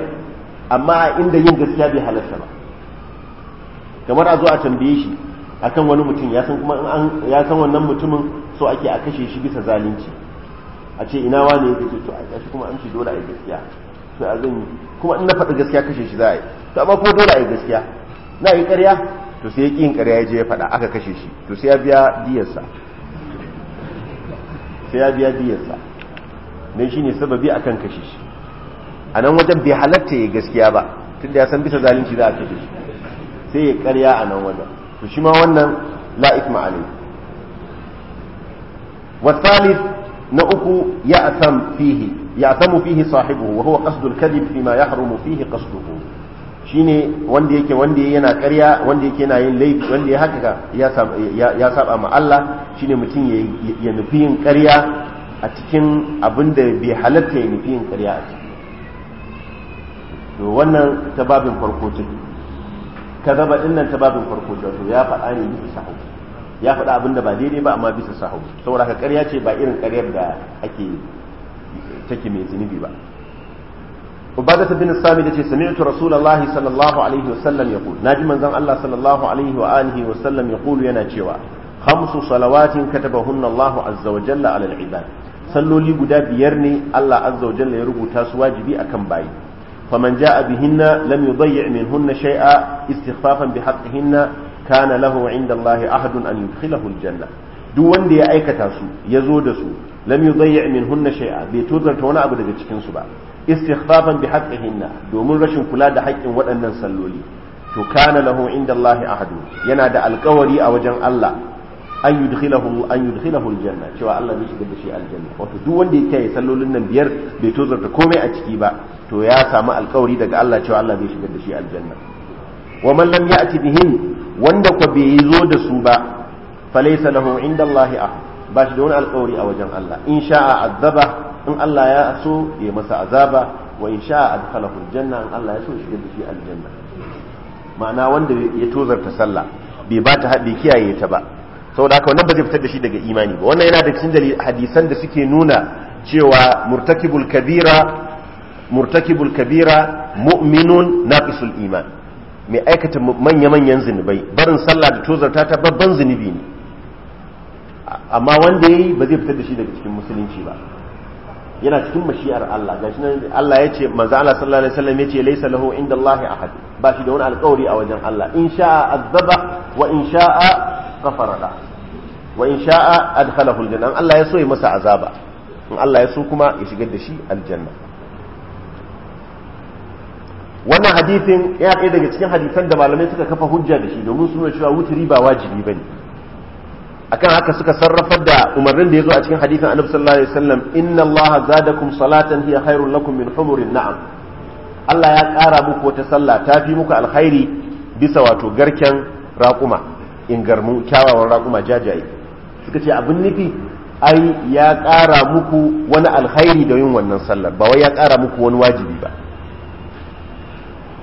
amma a inda yin gaskiya akan wani mutum ya san kuma an ya san wannan mutumin so ake a kashe shi bisa zalunci a ce ina wane yake ce to a kashe kuma an ce dole a yi gaskiya to a zan kuma in na faɗi gaskiya kashe shi za a yi to amma kuma dole a yi gaskiya na yi ƙarya to sai ya ƙi yin ƙarya ya je ya faɗa aka kashe shi to sai ya biya diyarsa sai ya biya diyarsa don shi ne sababi akan kashe shi a nan wajen bai halatta ya gaskiya ba tunda ya san bisa zalunci za a kashe shi sai ya ƙarya a nan wajen to shi ma wannan la ya alai fihi ya يأثم fihi يأثم wa huwa qasdul kadhib fi ma yahrumu fihi qasduhu shine wanda yake wanda yana ƙarya wanda yake yana yin laifi wanda ya haka ya saba ma Allah shine mutum ya nufi yin ƙarya a cikin abin da bai halatta ya nufi yin ƙarya a ciki to wannan ta babin farko take kazaba din nan ta babin farko wato ya faɗa ne bisa sahu ya faɗa abin ba daidai ba amma bisa sahu saboda haka ƙarya ce ba irin karyar da ake take mai zunubi ba ubada ta bin sami ta ce sami'tu rasulullahi sallallahu alaihi wa sallam ya qul naji manzon Allah sallallahu alaihi wa sallam ya qul yana cewa khamsu salawatin kata Allah azza wa jalla ala ibad salloli guda biyar ne Allah azza wa jalla ya rubuta su wajibi akan bayi فمن جاء بهن لم يضيع منهن شيئا استخفافا بحقهن كان له عند الله عهد يدخله duk wanda ya aikata su ya zo da su lam yudayyi min hunna shay'a bai wani abu daga cikin su ba istighfafan bi haqqihinna domin rashin kula da haƙƙin waɗannan salloli to kana lahu inda Allah yana da alƙawari a wajen Allah an yudkhilahu an yudkhilahu aljanna cewa Allah zai shiga da shi aljanna wato duk wanda ya yi sallolin nan biyar bai tozarta komai a ciki ba to ya samu alkawari daga Allah cewa Allah zai shigar da shi aljanna wa man lam ya'ti bihin wanda ko bai zo da su ba laysa lahu inda Allah ah ba shi da wani alkawari a wajen Allah in sha'a azaba in Allah ya so ya masa azaba wa in sha'a adkhalahu aljanna in Allah ya so shigar da shi aljanna ma'ana wanda ya tozarta sallah bai ba ta haɗe kiyaye ta ba saboda haka wannan ba zai fitar da shi daga imani ba wannan yana da cikin hadisan da suke nuna cewa murtakibul kabira murtakibul kabira mu'minun naqisul iman mai aikata manya-manyan zunubai barin sallah da tozarta ta babban zunubi ne amma wanda yayi ba zai fitar da shi daga cikin musulunci ba yana cikin mashi'ar Allah gashi nan Allah ya ce manzo Allah sallallahu alaihi wasallam yace laysa lahu inda Allah ahad ba shi da wani alƙawari a wajen Allah in sha'a azaba wa in sha'a ghafara la wa in sha'a adkhalahu aljanna Allah ya so ya masa azaba in Allah ya so kuma ya shigar da shi aljanna wannan hadithin ya kai daga cikin hadithan da malamai suka kafa hujja da shi domin suna cewa wuturi ba wajibi bane akan haka suka sarrafar da umarnin da ya zo a cikin hadithan annabi sallallahu alaihi wasallam inna allaha zadakum salatan hiya khairul lakum min humurin na'am Allah ya kara muku wata sallah ta fi muku alkhairi bisa wato garken raƙuma in kyawawan raƙuma jajaye suka ce abin nufi ai ya ƙara muku wani alkhairi da yin wannan sallar ba wai ya kara muku wani wajibi ba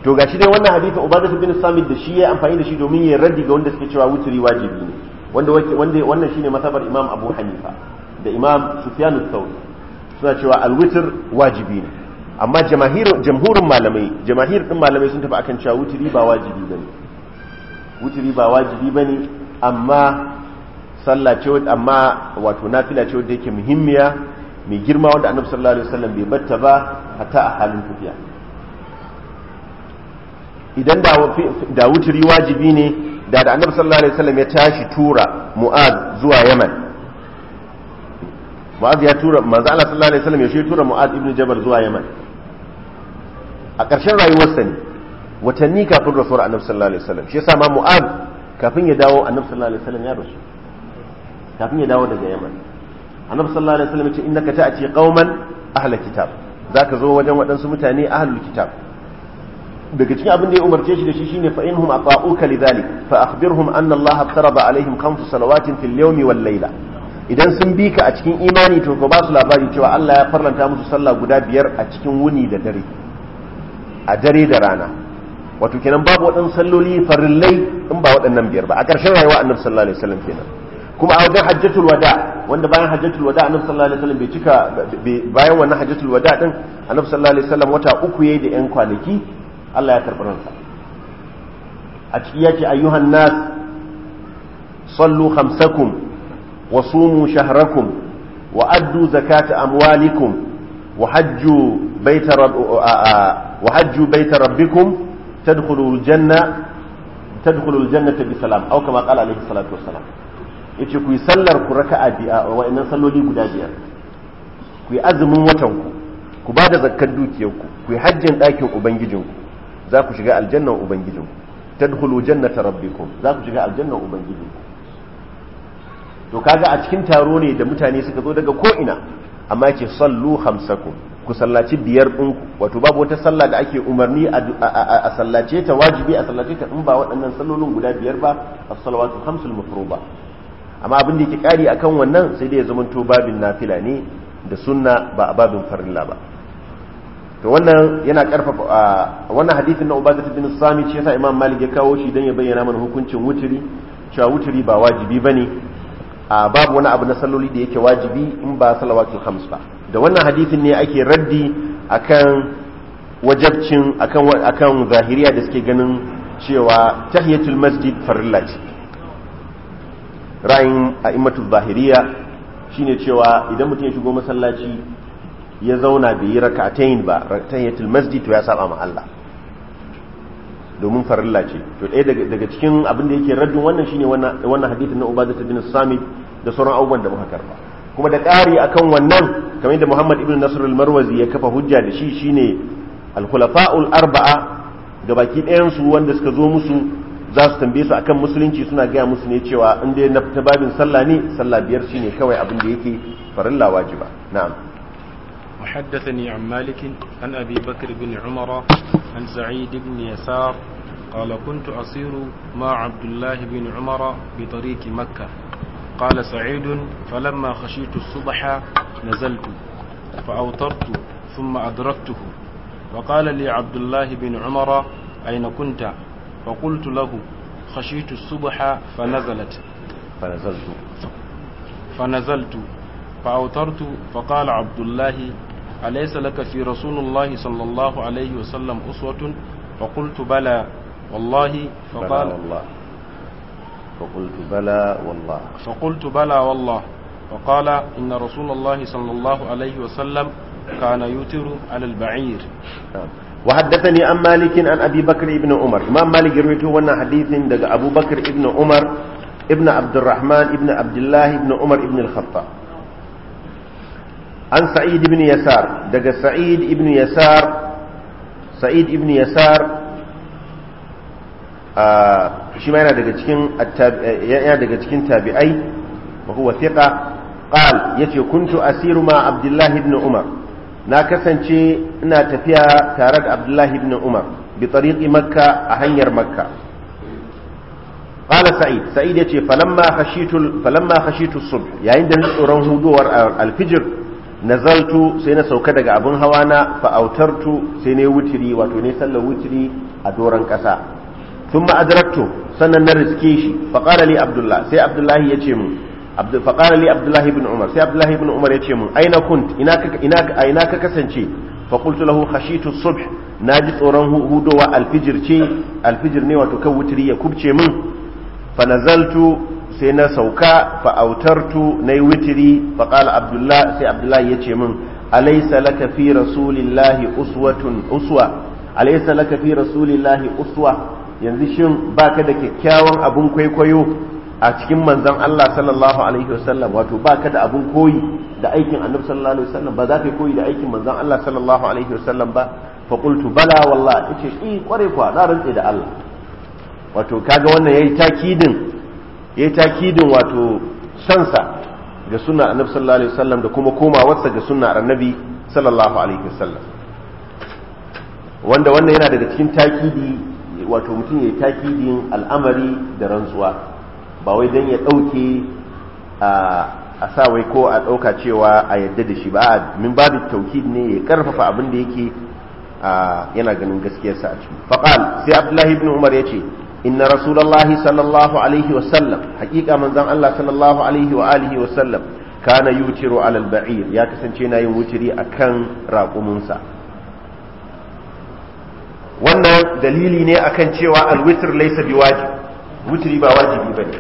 to gashi dai wannan hadisi ubadah bin samit da shi ya amfani da shi domin ya raddi ga wanda suke cewa wuturi wajibi ne wanda wanda wannan shine masabar imam abu hanifa da imam sufyan al-thawri suna cewa al-witr wajibi ne amma jamhurun malamai jamahir din malamai sun tafi akan cewa wuturi ba wajibi bane wuturi ba wajibi bane amma sallah ce amma wato nafila ce wadda yake muhimmiya mai girma wanda annabi sallallahu alaihi wasallam bai batta ba hatta a halin tafiya idan da wuturi wajibi ne da da annabi sallallahu alaihi wasallam ya tashi tura mu'az zuwa yaman mu'az ya tura manzo Allah sallallahu alaihi wasallam ya shi tura mu'az ibn jabal zuwa yaman a ƙarshen rayuwarsa ne watanni kafin rasuwar annabi sallallahu alaihi wasallam shi yasa ma mu'az kafin ya dawo annabi sallallahu alaihi wasallam ya rasu kafin ya dawo daga yaman annabi sallallahu alaihi wasallam ya ce innaka ta'ati qauman ahlul kitab zaka zo wajen waɗansu mutane ahlul kitab daga cikin abin da ya umarce shi da shi shine fa inhum ata'uka lidhalik fa akhbirhum anna Allah farada alaihim khamsu salawatin fil yawmi wal layla idan sun bi ka a cikin imani to ba su labari cewa Allah ya farlanta musu sallah guda biyar a cikin wuni da dare a dare da rana wato kenan babu waɗannan salloli farillai in ba waɗannan biyar ba a ƙarshen rayuwa annabi sallallahu alaihi wasallam kenan kuma a wajen hajjatul wada wanda bayan hajjatul wada annabi sallallahu alaihi wasallam bai cika bayan wannan hajjatul wada din annabi sallallahu alaihi wasallam wata uku yayi da yan kwanaki Allah ya karɓi ransa a ciki yake ayyuhan nas sallu wa sumu shahrakum wa addu zakata amwalikum wa hajju baita rabbikum bi salam aw kama qala salatu wassalam yace ku yi sallar ku raka'a bi'a wa'annan salloli guda biyar ku yi azumin watan ku ku ba da zakkar dukiyarku ku yi hajjin ɗakin ubangijinku za ku shiga aljannan ubangijinku tadkhulu jannata rabbikum za ku shiga aljannan ubangijin to kaga a cikin taro ne da mutane suka zo daga ko ina amma yake sallu hamsakum ku sallaci biyar ɗinku wato babu wata sallah da ake umarni a sallace ta wajibi a sallace ta in ba waɗannan sallolin guda biyar ba a salawatu hamsul mafruba amma abin da yake ƙari akan wannan sai dai ya to babin nafila ne da sunna ba a babin farilla ba to wannan yana karfafa wannan hadisin na ubadatu bin sami shi yasa imam malik ya kawo shi dan ya bayyana mana hukuncin wuturi cewa wuturi ba wajibi bane a babu wani abu na salloli da yake wajibi in ba salawatul khams ba da wannan hadisin ne ake raddi akan wajabcin akan akan zahiriya da suke ganin cewa tahiyatul masjid farilla ce ra'ayin a'immatul zahiriya shine cewa idan mutum ya shigo masallaci ya zauna bai yi raka'atayn ba raka'atayn masjid to ya saba ma Allah domin farilla ce to ɗaya daga cikin abin da yake raddin wannan shine wannan hadithin na ta bin sami da sauran abubuwan da muka karba kuma da ƙari akan wannan kamar yadda Muhammad ibn Nasr al-Marwazi ya kafa hujja da shi shine al-khulafa'ul arba'a gabaki ɗayan su wanda suka zo musu za su tambaye su akan musulunci suna gaya musu ne cewa in dai na babin sallah ne sallah biyar shine kawai abin da yake farilla wajiba na'am وحدثني عن مالك عن أبي بكر بن عمر عن سعيد بن يسار قال كنت أصير مع عبد الله بن عمر بطريق مكة قال سعيد فلما خشيت الصبح نزلت فأوترت ثم أدركته وقال لي عبد الله بن عمر أين كنت فقلت له خشيت الصبح فنزلت فنزلت فنزلت فأوترت فقال عبد الله alaysa laka fi rasulullahi sallallahu alaihi wasallam uswatun fa qultu bala wallahi fa qala فقلت بلى والله فقلت بلى والله فقال إن رسول الله صلى الله عليه وسلم كان يوتر على البعير وحدثني عن مالك عن أبي بكر ابن عمر إمام مالك رويته وانا حديث دق أبو بكر ابن عمر ابن عبد الرحمن ابن عبد الله ابن عمر ابن الخطاب an sa'id ibn yasar daga sa'id ibn yasar sa'id ibn yasar shi yana daga cikin yana daga cikin tabi'ai wa huwa thiqa qal yace kuntu asiru ma abdullahi ibn umar na kasance ina tafiya tare da abdullahi ibn umar bi tariqi makka a hanyar makka qala sa'id sa'id yace falamma khashitu falamma khashitu subh yayin da tsoron huduwar alfijir nazaltu sai na sauka daga abin hawa na fa'autartu sai ne wutiri wato ne sallar wutiri a doron ƙasa tun ma'adarattu sannan na riske shi faƙara abdullah sai abdullahi ya ce mun faƙara abdullahi ibn umar sai abdullahi ibn umar ya ce mun aina kunt ina ka kasance faƙultu lahu khashitu subh na ji tsoron hudowa alfijir ce alfijir ne wato kan wutiri ya kubce min fa nazaltu sai na sauka fa'autartu na yi witiri faƙala abdullah sai abdullah ya ce min alaisa laka fi rasulillahi uswatun uswa alaisa laka fi rasulillahi uswa yanzu shin baka da kyakkyawan abun kwaikwayo a cikin manzon Allah sallallahu alaihi wasallam wato baka da abun koyi da aikin annabi sallallahu alaihi wasallam ba za ka koyi da aikin manzon Allah sallallahu alaihi wasallam ba fa qultu bala wallahi ce shi eh, kware kwa da rantsi da Allah wato kaga wannan yayi takidin ya yi takidin wato sansa ga sunna annabi sallallahu alaihi wasallam da kuma komawarsa ga sunna annabi sallallahu alaihi wasallam wanda wannan yana daga cikin takidi wato mutum ya yi takidin al'amari da rantsuwa ba wai don ya ɗauke a sa wai ko a ɗauka cewa a yadda da shi ba min babu taukid ne ya karfafa abin da yake yana ganin gaskiyarsa a ciki faqal sai abdullahi ibn umar ya ce إن رسول الله صلى الله عليه وسلم حقيقة من زم الله صلى الله عليه وآله وسلم كان يوتر على البعير يا كسنشينا يوتري أكن راقمونسا wannan dalili ne akan cewa alwitr laysa biwajib wutri ba wajibi bane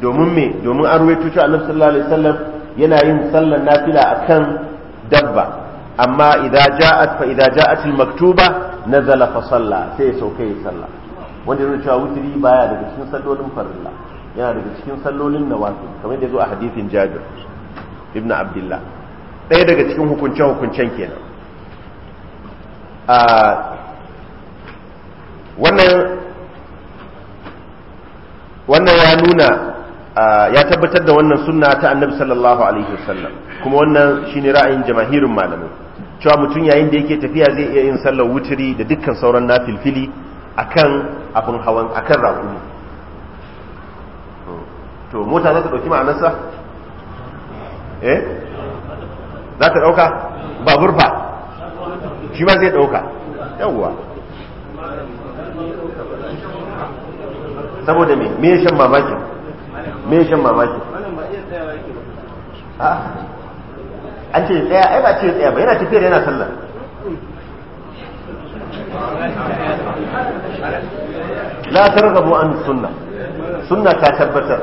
domin me domin an ruwaito cewa Annabi sallallahu alaihi wasallam yana yin sallar nafila akan dabba amma idza ja'at fa idza ja'at al-maktuba nazala fa salla sai sauke ya wanda ya cewa wutiri baya daga cikin sallolin farilla yana daga cikin sallolin nawafil kamar da zo a hadisin jabir ibn abdullah ɗaya daga cikin hukunce hukuncen kenan a ah, wannan wannan ya nuna ah, ya tabbatar da wannan sunna ta annabi sallallahu alaihi wasallam kuma wannan shine ra'ayin jamahirin malamai cewa mutum yayin da yake tafiya zai iya yin sallar wutiri da dukkan sauran nafilfili akan abin hawan akan raƙumi to mota za ta ɗauki ma'anarsa eh za ta ɗauka babur fa shi ma zai ɗauka yawwa saboda me me shan mamaki me shan mamaki ah. an ce tsaya ai ba ce tsaya ba yana tafiyar yana sallah la targhabu an sunna sunna ta tabbatar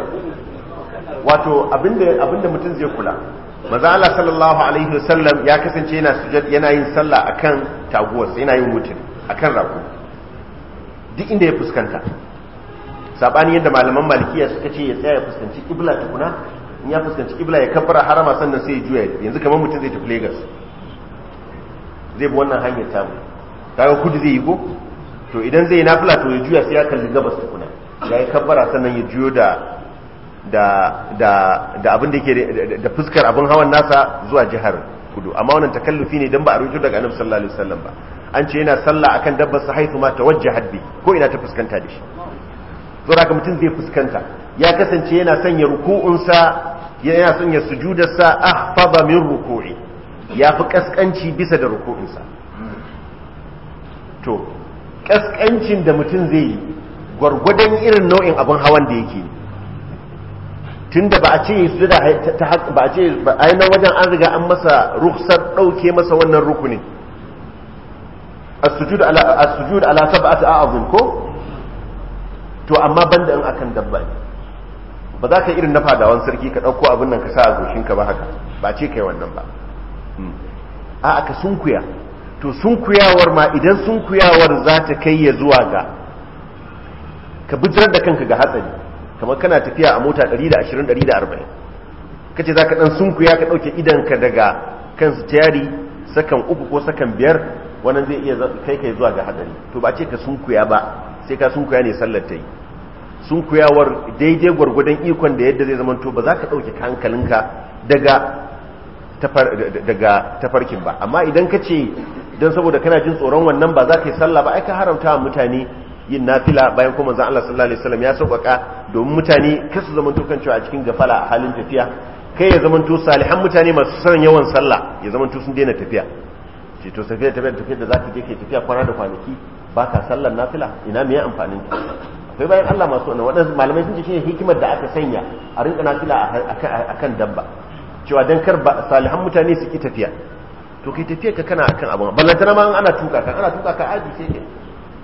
wato abinda abinda mutum zai kula maza Allah sallallahu alaihi wasallam ya kasance yana sujud yana yin sallah akan taguwarsa yana yin mutum akan rako duk inda ya fuskanta sabani yadda malaman malikiya suka ce ya tsaya ya fuskanci kibla tukuna in ya fuskanci kibla ya kafara harama sannan sai ya juya yanzu kamar mutum zai tafi Lagos zai bi wannan hanyar tamu kaga kudu zai yi ko to idan zai nafila to ya juya sai ya kalli gabas tukuna ya yi kabbara sannan ya juyo da da da da abin da yake da fuskar abin hawan nasa zuwa jihar kudu amma wannan takallufi ne dan ba a rubuto daga annabi sallallahu alaihi wasallam ba an ce yana sallah akan dabbar sa haifu ma tawajjahat bi ko ina ta fuskanta da shi to mutum zai fuskanta ya kasance yana sanya sa yana sanya sa ahfaba min ruku'i ya fi kaskanci bisa da ruku'un sa to kaskancin da mutum zai yi gwargwadon irin nau'in abin hawan da yake tun da ba a ce su da ba a ce ainihin wajen an riga an masa ruksar ɗauke masa wannan rukunin as-sujud ala sab'ati a'zim ko to amma banda in akan dabba ne ba za ka irin na fadawan sarki ka ɗauko abin nan ka sa a goshinka ba haka ba ce kai wannan ba hmm. a aka sunkuya to sunkuyawar ma idan sunkuyawar za ta kai ya zuwa ga ka bijirar da kanka ga hatsari kamar kana tafiya a mota 120-140 ce za ka sun sunkuya ka ɗauke idanka daga kan tayari sakan uku ko sakan biyar wannan zai iya kai kai zuwa ga hatsari to ba ce ka sunkuya ba sai ka sunkuya ne sallar ta yi sunkuyawar daidai gwargwadon ikon da yadda zai zama to ba za ka ɗauke hankalinka daga tafarkin ba amma idan ka ce don saboda kana jin tsoron wannan ba za ka yi sallah ba ai ka haramta wa mutane yin nafila bayan kuma zan Allah sallallahu alaihi wasallam ya sauƙaƙa domin mutane kasu zaman to kancewa a cikin gafala a halin tafiya kai ya zaman to salihan mutane masu son yawan sallah ya zaman to sun daina tafiya ce to tafiya tafiya tafiya da zaka je kai tafiya kwana da kwanaki baka sallar nafila ina me amfanin ka akwai bayan Allah masu wannan wadansu malamai sun ce shi hikimar da aka sanya a rinka nafila akan dabba cewa dan kar salihan mutane su ki tafiya to kai tafiya ka kana akan abin ballantana ma ana tuka kan. ana tuka ka aji sai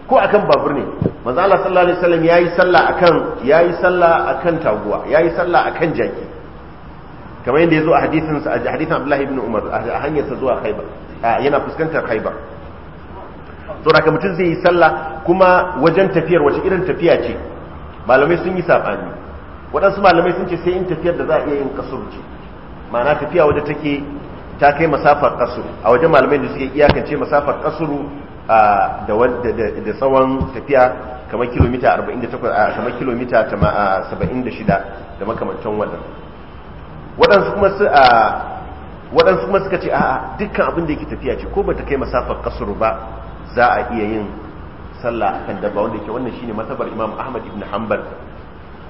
ko akan babur ne manzo Allah sallallahu alaihi wasallam yayi sallah akan yayi sallah akan taguwa yayi sallah akan jaki kamar yadda yazo a hadisin sa hadisin Abdullah ibn Umar a hanyar sa zuwa Khaibar yana fuskantar Khaibar to da mutum zai yi sallah kuma wajen tafiyar wace irin tafiya ce malamai sun yi sabani waɗansu malamai sun ce sai in tafiyar da za a iya yin kasurci ma'ana tafiya wadda take ta kai masafar kasuru a wajen malamai da suke iyakance masafar kasuru da tsawon tafiya kamar kilomita 48 kamar kilomita 76 da makamantan wannan waɗansu kuma su suka ce a dukkan abin da yake tafiya ce ko ta kai masafar kasuru ba za a iya yin sallah kan dabba wanda yake wannan shine masabar imam ahmad ibn hanbal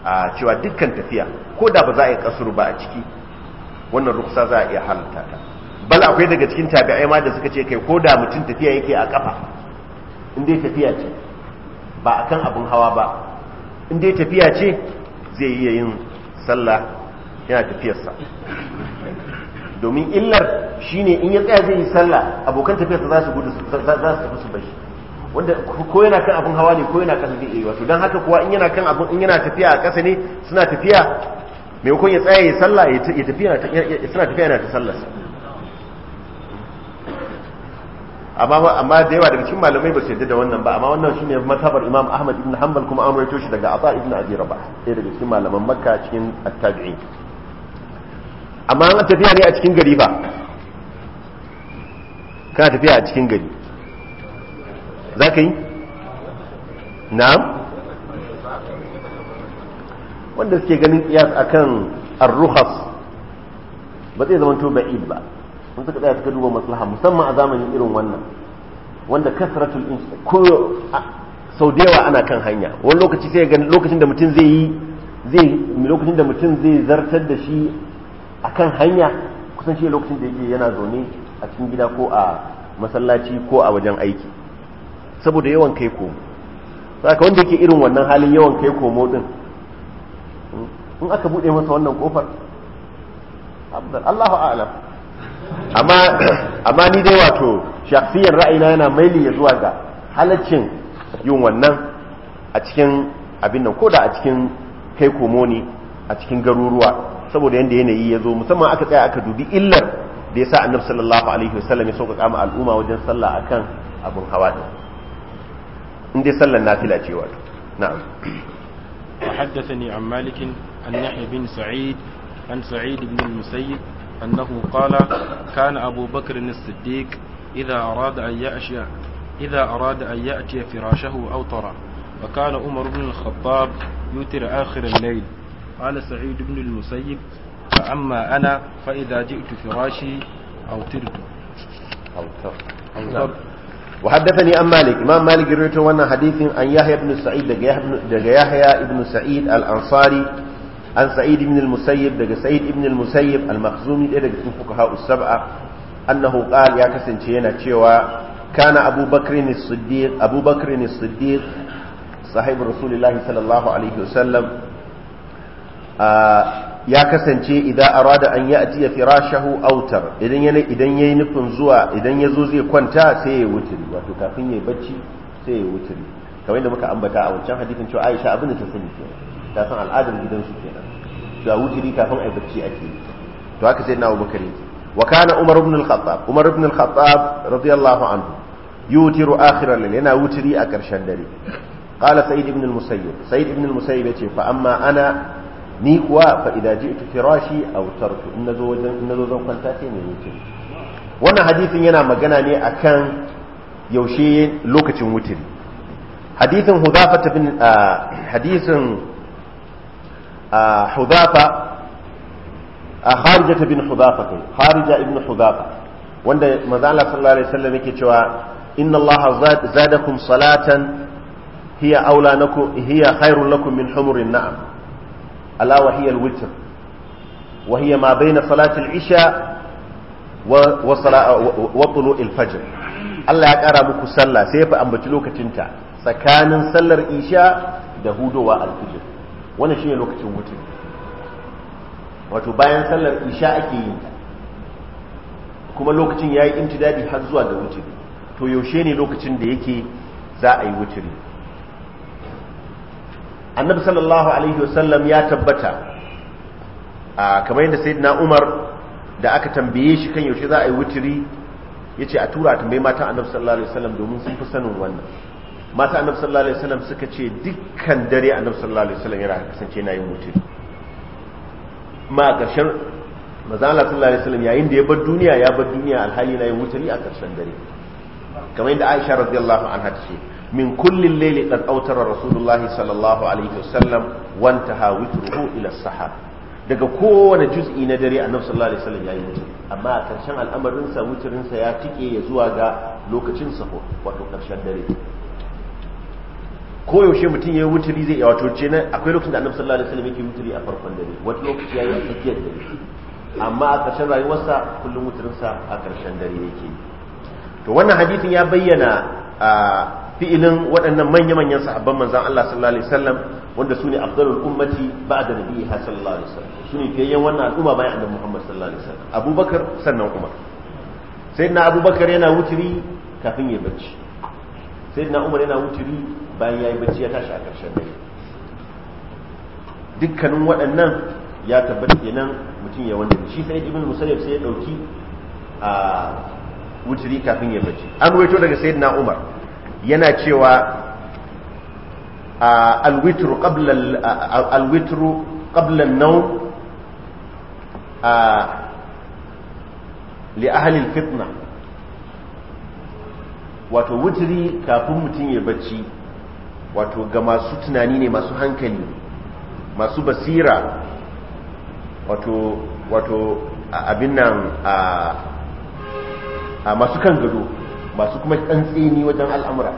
a cewa dukkan tafiya ko da ba za a yi kasuru ba a ciki wannan ruksa za a iya halatta ta bal akwai daga cikin tabi'ai ma da suka ce kai ko da mutum tafiya yake a kafa in dai tafiya ce ba akan abin hawa ba in dai tafiya ce zai iya yin sallah yana tafiyarsa domin illar shine in ya tsaya zai yi sallah abokan tafiyarsa za su gudu za su tafi su bashi wanda ko yana kan abin hawa ne ko yana kasa zai iya wato don haka kuwa in yana kan abin in yana tafiya a kasa ne suna tafiya maimakon ya tsaya ya sallah ya tafiya suna tafiya yana ta sallarsa amma amma da yawa daga cikin malamai ba su yadda da wannan ba amma wannan shine mazhabar Imam Ahmad ibn Hanbal kuma an rawaito shi daga Atha ibn Abi Rabah sai daga cikin malaman Makka cikin at-tabi'in amma an tafiya ne a cikin gari ba ka tafiya a cikin gari ka yi na'am wanda suke ganin kiyas akan ar-rukhas ba zai zama to ba'id ba sun suka tsaya suka duba maslaha musamman a zamanin irin wannan wanda kasratul ko sau da yawa ana kan hanya wani lokaci sai ga lokacin da mutum zai yi zai lokacin da mutum zai zartar da shi akan hanya kusan shi lokacin da yake yana zaune a cikin gida ko a masallaci ko a wajen aiki saboda yawan kai komo saka wanda yake irin wannan halin yawan kai komo din in aka bude masa wannan kofar Allahu a'lam amma ni dai wato shakhsiyan ra'ayina yana maili ya zuwa ga halaccin yin wannan a cikin abin nan koda a cikin kai komo ne a cikin garuruwa saboda yanda yanayi ya zo musamman aka tsaya aka dubi illar da ya sa annabi sallallahu alaihi wasallam ya sauka kama al'umma wajen sallah akan abin hawa din in dai sallar nafila ce wato na'am وحدثني عن مالك عن bin sa'id an sa'id سعيد بن أنه قال كان أبو بكر الصديق إذا أراد أن يأشي إذا أراد أن يأتي فراشه أوطر وكان عمر بن الخطاب يوتر آخر الليل قال سعيد بن المسيب فأما أنا فإذا جئت فراشي أوترت أوترت أوترت نعم. وحدثني عن مالك امام مالك رويته وانا حديث عن يحيى بن سعيد دجا يحيى بن سعيد الانصاري an sa'id ibn al-musayyib daga sa'id ibn al-musayyib al-makhzumi ɗaya daga cikin fuqaha us-sab'a annahu qala ya kasance yana cewa kana abubakar as-siddiq abubakar as-siddiq sahibi rasulullahi sallallahu alaihi wasallam ya kasance idan arada an ya atiya firashahu autar idan yana idan yayi nufin zuwa idan yazo zai kwanta sai ya wuturi wato kafin ya bacci sai ya wuturi kamar yadda muka ambata a wancan hadisin cewa Aisha abin da ta sani kenan ta san al'adar gidansu kenan cewa wutiri kafin ai bacci ake yi to haka sai na abubakar yake wa kana umar ibn al-khattab umar ibn al-khattab radiyallahu anhu yutiru akhir al-layl yana wutiri a karshen dare qala sa'id ibn al-musayyib sa'id ibn al-musayyib yace fa amma ana ni kuwa fa idza ji'tu firashi aw tarku in nazo wajen in nazo zan kwanta sai ne wutiri wannan hadisin yana magana ne akan yaushe lokacin wutiri hadithin hudhafa bin ah, hadithin Hudhafa a Kharija bin Hudhafa kai Kharija ibn wanda manzo Allah sallallahu alaihi wasallam yake cewa inna Allah zadakum salatan hiya aula nakum hiya khairul lakum min humurin na'am ala wahiyar hiya al-witr wa ma bayna salati isha wa tulu Allah ya kara muku sallah sai fa ambaci lokacinta tsakanin sallar isha da hudowa al-fajr wannan shine lokacin wuce wato bayan sallar isha ake yi kuma lokacin ya inci daɗi har zuwa ga wuce to yaushe ne lokacin da yake za a yi ne annabi sallallahu alaihi wasallam ya tabbata a kamar yadda na umar da aka tambaye shi kan yaushe za a yi ya yace a tura tambaye matan annabi sallallahu alaihi wasallam domin sun fi sanin wannan mata annabi sallallahu alaihi wasallam suka ce dukkan dare annabi sallallahu alaihi wasallam yana kasance yana yin wuce ma a ƙarshen maza Allah sallallahu alaihi wasallam yayin da ya bar duniya ya bar duniya alhali na yin wuturi a ƙarshen dare kamar yadda Aisha radiyallahu anha ta ce min kullin layli qad awtara rasulullahi sallallahu alaihi wasallam wa intaha witruhu ila sahar daga kowane juz'i na dare annabi sallallahu alaihi wasallam yayi wuturi amma a ƙarshen al'amarin sa wuturin sa ya tike ya zuwa ga lokacin sahur wato ƙarshen dare koyaushe mutum ya yi wuturi zai iya wato ce akwai lokacin da annabi sallallahu alaihi wasallam yake wuturi a farkon dare wani lokaci ya yi a tsakiyar dare amma a ƙarshen rayuwarsa kullum wuturinsa a ƙarshen dare yake to wannan hadisin ya bayyana a fi'ilin waɗannan manya-manyan sahabban manzan Allah sallallahu alaihi wasallam wanda su ne afdalul ummati ba'da nabiyyi sallallahu alaihi wasallam su ne fiyayyen wannan al'umma bayan annabi Muhammad sallallahu alaihi wasallam Abubakar sannan Umar sayyidina Abubakar yana wuturi kafin ya bacci sai na umar yana wuturi bayan ya yi bacci ya tashi a ƙarshen dare dukkanin waɗannan ya tabbata kenan mutum ya wanda shi sai ibn musayyib sai ya ɗauki a wuturi kafin ya bacci an waito daga sayyidina umar yana cewa alwitru ƙablan alwitru qabla an fitna wato wuturi kafin mutum ya bacci wato ga masu tunani ne masu hankali masu basira wato wato abin nan a a masu kan gado masu kuma tsantseni wajen al'amura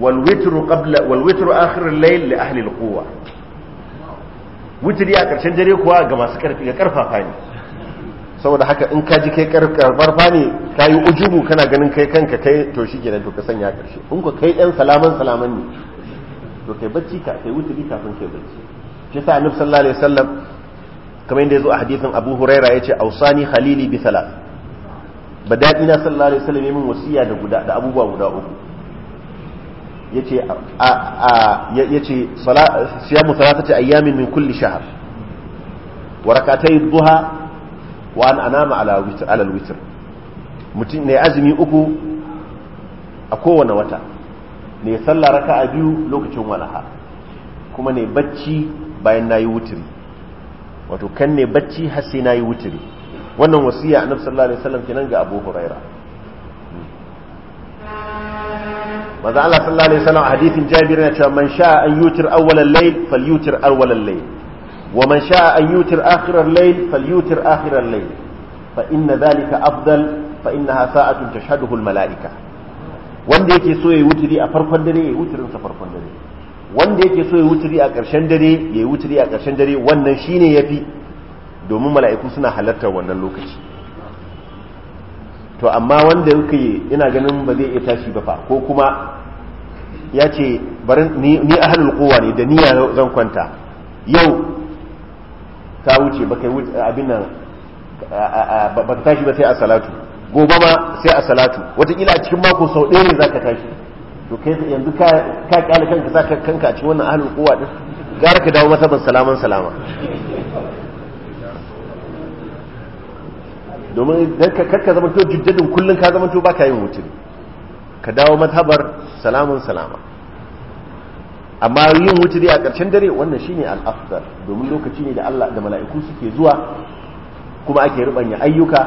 walwitru qabla layin akhir al-layl li ahli al-quwwa a karshen dare kuwa ga masu karfi ga karfafa ne saboda haka in ka ji kai karbar ba ne ka yi ujubu kana ganin kai kanka kai to shi gina to ka sanya karshe in ko kai yan salaman salaman ne to kai bacci ka kai bi kafin kai bacci shi sa annabi sallallahu alaihi wasallam kamar yadda yazo a hadisin Abu Huraira yace ausani khalili bi salat badadi na sallallahu alaihi wasallam yayin wasiya da guda da abubuwa guda uku yace a yace siyamu salatati ayyamin min kulli shahr wa rak'atay wa an anama ala witr mutum ne azumi uku a kowane wata ne sallah raka'a biyu lokacin walaha kuma ne bacci bayan nayi wuturi wato kan ne bacci har sai nayi wuturi wannan wasiya annabi sallallahu alaihi wasallam kenan ga Abu Huraira maza Allah sallallahu alaihi wasallam a hadithin Jabir yana cewa man sha'a an yutir awwalal layl falyutir awwalal layl ومن شاء أن يوتر آخر الليل فليوتر آخر الليل فإن ذلك أفضل فإنها ساعة تشهده الملائكة wanda yake so ya yi wuturi a farkon dare ya wuturin sa farkon dare wanda yake so ya yi wuturi a ƙarshen dare ya yi wuturi a ƙarshen dare wannan shine yafi domin mala'iku suna halartar wannan lokaci to amma wanda yake ina ganin ba zai iya tashi ba fa ko kuma ya ce ni halin kowa ne da niya zan kwanta yau ta wuce ba kai abin nan ba ta tashi ba sai a salatu gobe ma sai a salatu wataƙila a cikin mako sau ɗaya ne za ka tashi to kai yanzu ka kyale kanka za ka kanka a cikin wannan ahalin kowa ɗin gara ka dawo masa ban salaman salama domin dan ka karka zama to jiddadin kullun ka zama to baka yin wuce ka dawo masabar salamun salama amma yin dai a ƙarshen dare wannan shine ne afdal domin lokaci ne da Allah da mala'iku suke zuwa kuma ake rubanya ayyuka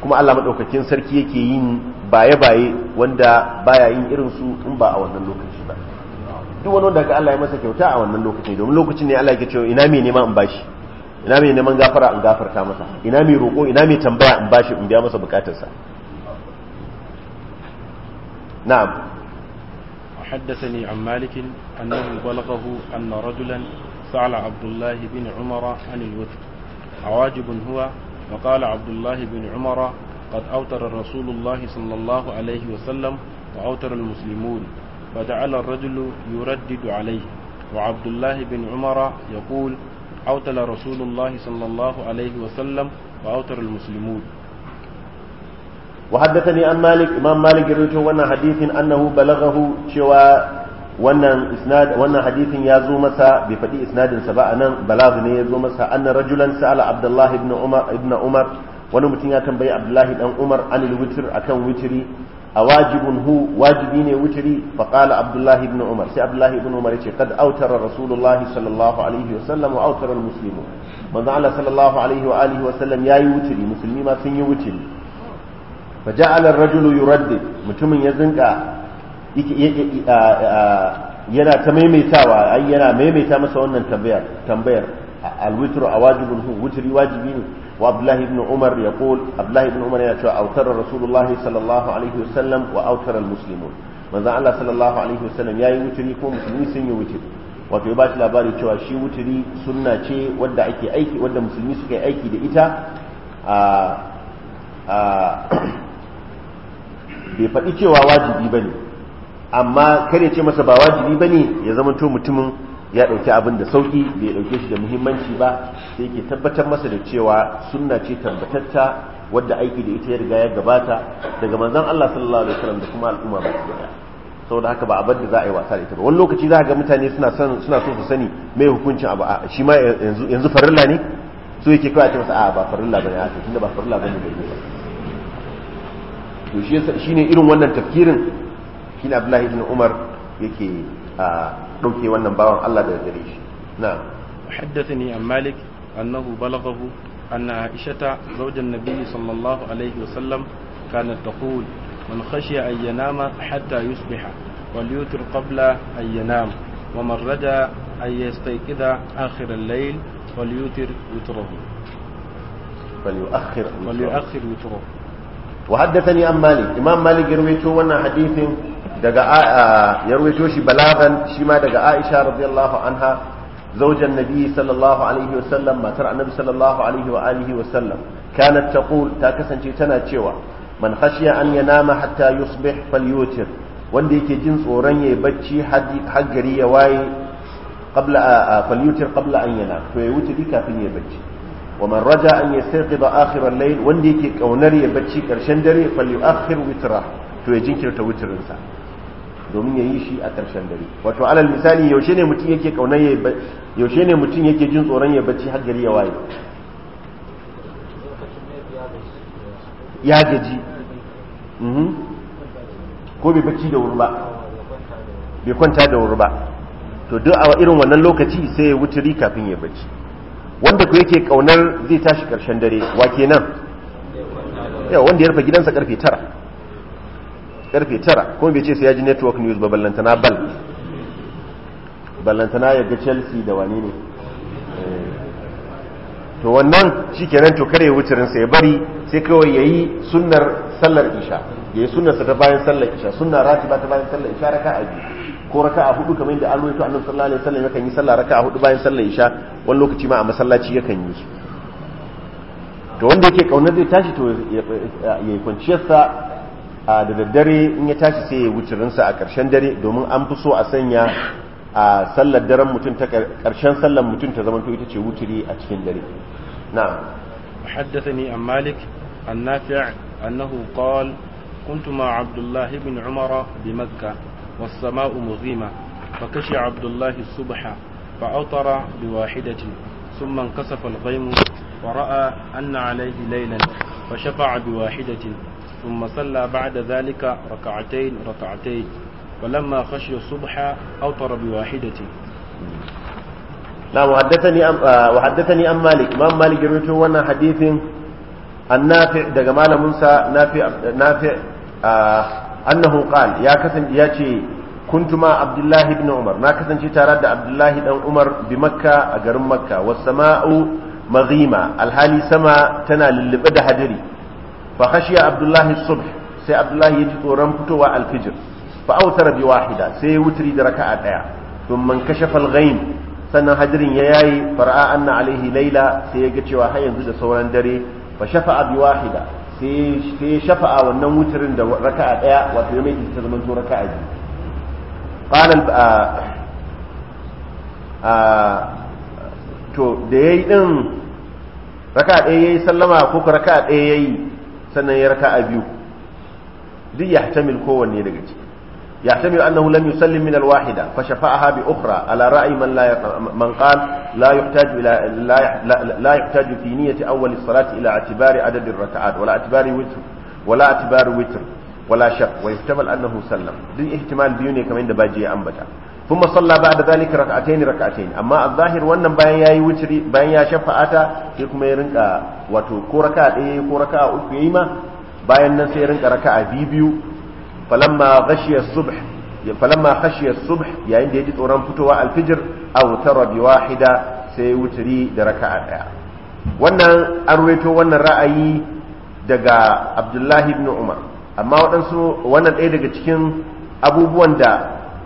kuma Allah madaukakin sarki yake yin baye-baye wanda baya yin irin su in ba a wannan lokaci ba duk wani wanda Allah ya masa kyauta a wannan lokaci domin lokacin ne Allah yake cewa ina me neman in bashi ina me neman gafara in gafarta masa ina me roƙo ina me tambaya in bashi in biya masa bukatarsa na'am وحدثني عن مالك أنه بلغه أن رجلا سأل عبد الله بن عمر عن الوتر عواجب هو وقال عبد الله بن عمر قد أوتر رسول الله صلى الله عليه وسلم وأوتر المسلمون فجعل الرجل يردد عليه وعبد الله بن عمر يقول أوتل رسول الله صلى الله عليه وسلم وأوتر المسلمون وحدثني عن مالك امام مالك يروي wannan hadisin annahu balaghahu cewa wannan isnad wannan hadisin ya zo masa bai faɗi isnadin sa ba anan balagh ne ya zo masa anna rajulan sa'ala abdullah umar wani mutum ya tambayi abdullahi dan umar anil witr akan witri a wajibun hu wajibi ne witri fa qala abdullah ibn umar sai Abdullahi ibn umar yace kad autara rasulullahi sallallahu alaihi wa sallam wa autara almuslimun manzo Allah sallallahu alaihi wa alihi wa sallam yayi witri musulmi ma sun yi witri fa ja'ala ar-rajulu mutumin ya zinka yana ta maimaitawa ai yana maimaita masa wannan tambayar tambayar al-witr awajibun hu abdullahi ibn umar yaqul abdullahi ibn umar yana cewa awtara rasulullahi sallallahu alaihi wasallam wa awtara al-muslimun Allah sallallahu alaihi wasallam yayi witri ko musulmi sun yi witri wato ya ba shi labari cewa shi wuturi sunna ce wadda ake aiki wadda musulmi suka yi aiki da ita bai faɗi cewa wajibi ba ne amma kar ya ce masa ba wajibi ba ne ya zamanto mutumin ya ɗauki abin da sauƙi bai ɗauke shi da muhimmanci ba sai ke tabbatar masa da cewa sunna ce tabbatatta wadda aiki da ita ya riga ya gabata daga manzon Allah sallallahu alaihi wasallam da kuma al'umma ba su daya saboda haka ba abin da za a yi wasa da ita ba wani lokaci za ga mutane suna son suna so su sani mai hukuncin abu shi ma yanzu yanzu farilla ne so yake kawai a masa a ba farilla bane a tunda ba farilla bane da yi ba to shi ne irin wannan tafkirin shi ne abdullahi ibn umar yake ɗauke wannan bawan allah daga gare shi na حدثني عن مالك أنه بلغه أن عائشة زوج النبي صلى الله عليه وسلم كانت تقول من خشي أن ينام حتى يصبح وليوتر قبل أن ينام ومن رجا أن يستيقظ آخر الليل وليوتر وتره وليؤخر وتره wa haddathani an malik imam malik yarwaito wannan hadisin daga yarwaito shi balagan shima daga aisha radiyallahu anha zaujan nabi sallallahu alaihi wa sallam matar annabi sallallahu alaihi wa sallam kanat ta kasance tana cewa man khashiya an yanama hatta yusbih falyutir wanda yake jin tsoron yayi bacci har ya waye qabla falyutir qabla an yana to ya wuce kafin yayi barci. wa man raja an yastaqida akhir al-layl wanda yake kaunar ya bacci karshen dare falyuakhir witra to ya jinkirta witrin sa domin ya yi shi a karshen dare wato alal misali yaushe ne mutum yake kaunar ya yaushe ne mutum yake jin tsoron ya bacci har gari ya waye ya gaji ko bai bacci da wuri ba bai kwanta da wuri ba to duk a irin wannan lokaci sai ya wuturi kafin ya bacci wanda ku yake kaunar zai tashi karshen dare wa kenan yau wanda ya rufe gidansa karfe tara karfe tara kuma bai ce su ya ji network news ba ballantana bal ballantana ya ga chelsea da wane ne eh. to wannan shi kenan to kare wucirinsa ya bari sai kawai ya yi sunnar sallar isha ya yi sunnarsa ta bayan sallar isha sunna rati ba ta bayan sallar isha raka a biyu ko a hudu kamar yadda an ruwaito annabi sallallahu alaihi wasallam yakan yi sallah a hudu bayan sallar isha wani lokaci ma a masallaci yakan yi to wanda yake kaunar zai tashi to ya yi kwanciyarsa da daddare in ya tashi sai ya ransa a karshen dare domin an fi so a sanya a sallar daren mutum ta karshen sallar mutum ta zama to ita ce wuturi a cikin dare na'am حدثني عن مالك النافع أنه قال كنت مع عبد الله بن عمر بمكة والسماء مظيمة فكشي عبد الله الصبح فأوطر بواحدة ثم انكسف الغيم ورأى أن عليه ليلا فشفع بواحدة ثم صلى بعد ذلك ركعتين ركعتين فلما خشي الصبح أوطر بواحدة نعم وحدثني أم آه، وحدثني أم مالك ما مالك يروي وانا حديث النافع دجمال موسى نافع نافع آه، annahu qal ya kasance ya ce kuntuma abdullahi ibn umar na kasance tare da abdullahi dan umar bi makka a garin makka was sama'u maghima alhali sama tana lullube da hadiri fa khashiya abdullahi subh sai abdullahi ya ci tsoron fitowa alfijir fa autara bi wahida sai ya wutri da raka'a daya thumma kashafa alghaim sanan hadarin ya yaye far'a anna alaihi laila sai ya ga cewa har yanzu da sauran dare fa shafa'a bi wahida sai ya a wannan wutarin da raka'a daya wato ya mai ta zama raka'a biyu qalan a to da yayi din raka'a daya yayi sallama ko raka'a daya yayi sannan ya raka'a biyu duk ya tamil kowanne daga ciki يحتمل أنه لم يسلم من الواحدة فشفعها بأخرى على رأي من لا من قال لا يحتاج إلى لا, لا, لا يحتاج في نية أول الصلاة إلى اعتبار عدد الركعات ولا اعتبار وتر ولا اعتبار وتر ولا شك ويحتمل أنه سلم دي احتمال بيوني كما عند باجي أنبتا ثم صلى بعد ذلك ركعتين ركعتين أما الظاهر وأن بين ياي وتري بين يا شفعة يكم يرنك وتو كوركا إيه كوركا أكيما bayan nan sai rinka raka'a biyu falamma khashiya subh falamma khashiya subh yayin da ya ji tsoron fitowa alfijir aw tara bi wahida sai wuturi da raka'a daya wannan an ruwaito wannan ra'ayi daga Abdullahi ibn Umar amma waɗansu wannan ɗaya daga cikin abubuwan da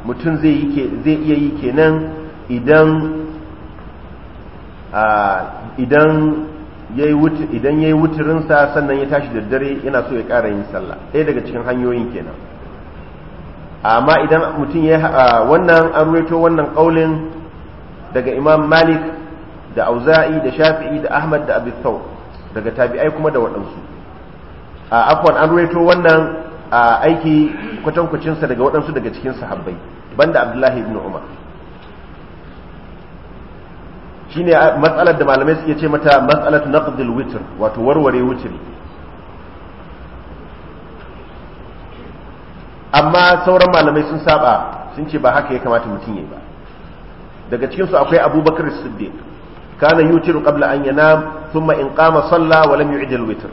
mutum zai iya yi kenan idan idan idan yayi yi sa sannan ya tashi da dare yana so ya ƙara yin sallah ɗaya daga cikin hanyoyin kenan amma idan mutum ya wannan an ruwaito wannan kaulin daga Imam Malik da Auza'i da Shafi'i da Ahmad da Abi daga tabi'ai kuma da waɗansu a afwan an ruwaito wannan aiki kwatankwacinsa daga waɗansu daga cikin sahabbai banda Abdullahi ibn Umar shine matsalar da malamai suke ce mata matsalar naqdil witr wato warware witri amma sauran malamai sun saba sun ce ba haka ya kamata mutum yayi ba daga cikin su akwai Abubakar Siddiq kana yutiru qabla an yanam thumma in qama salla wa lam yu'dil witr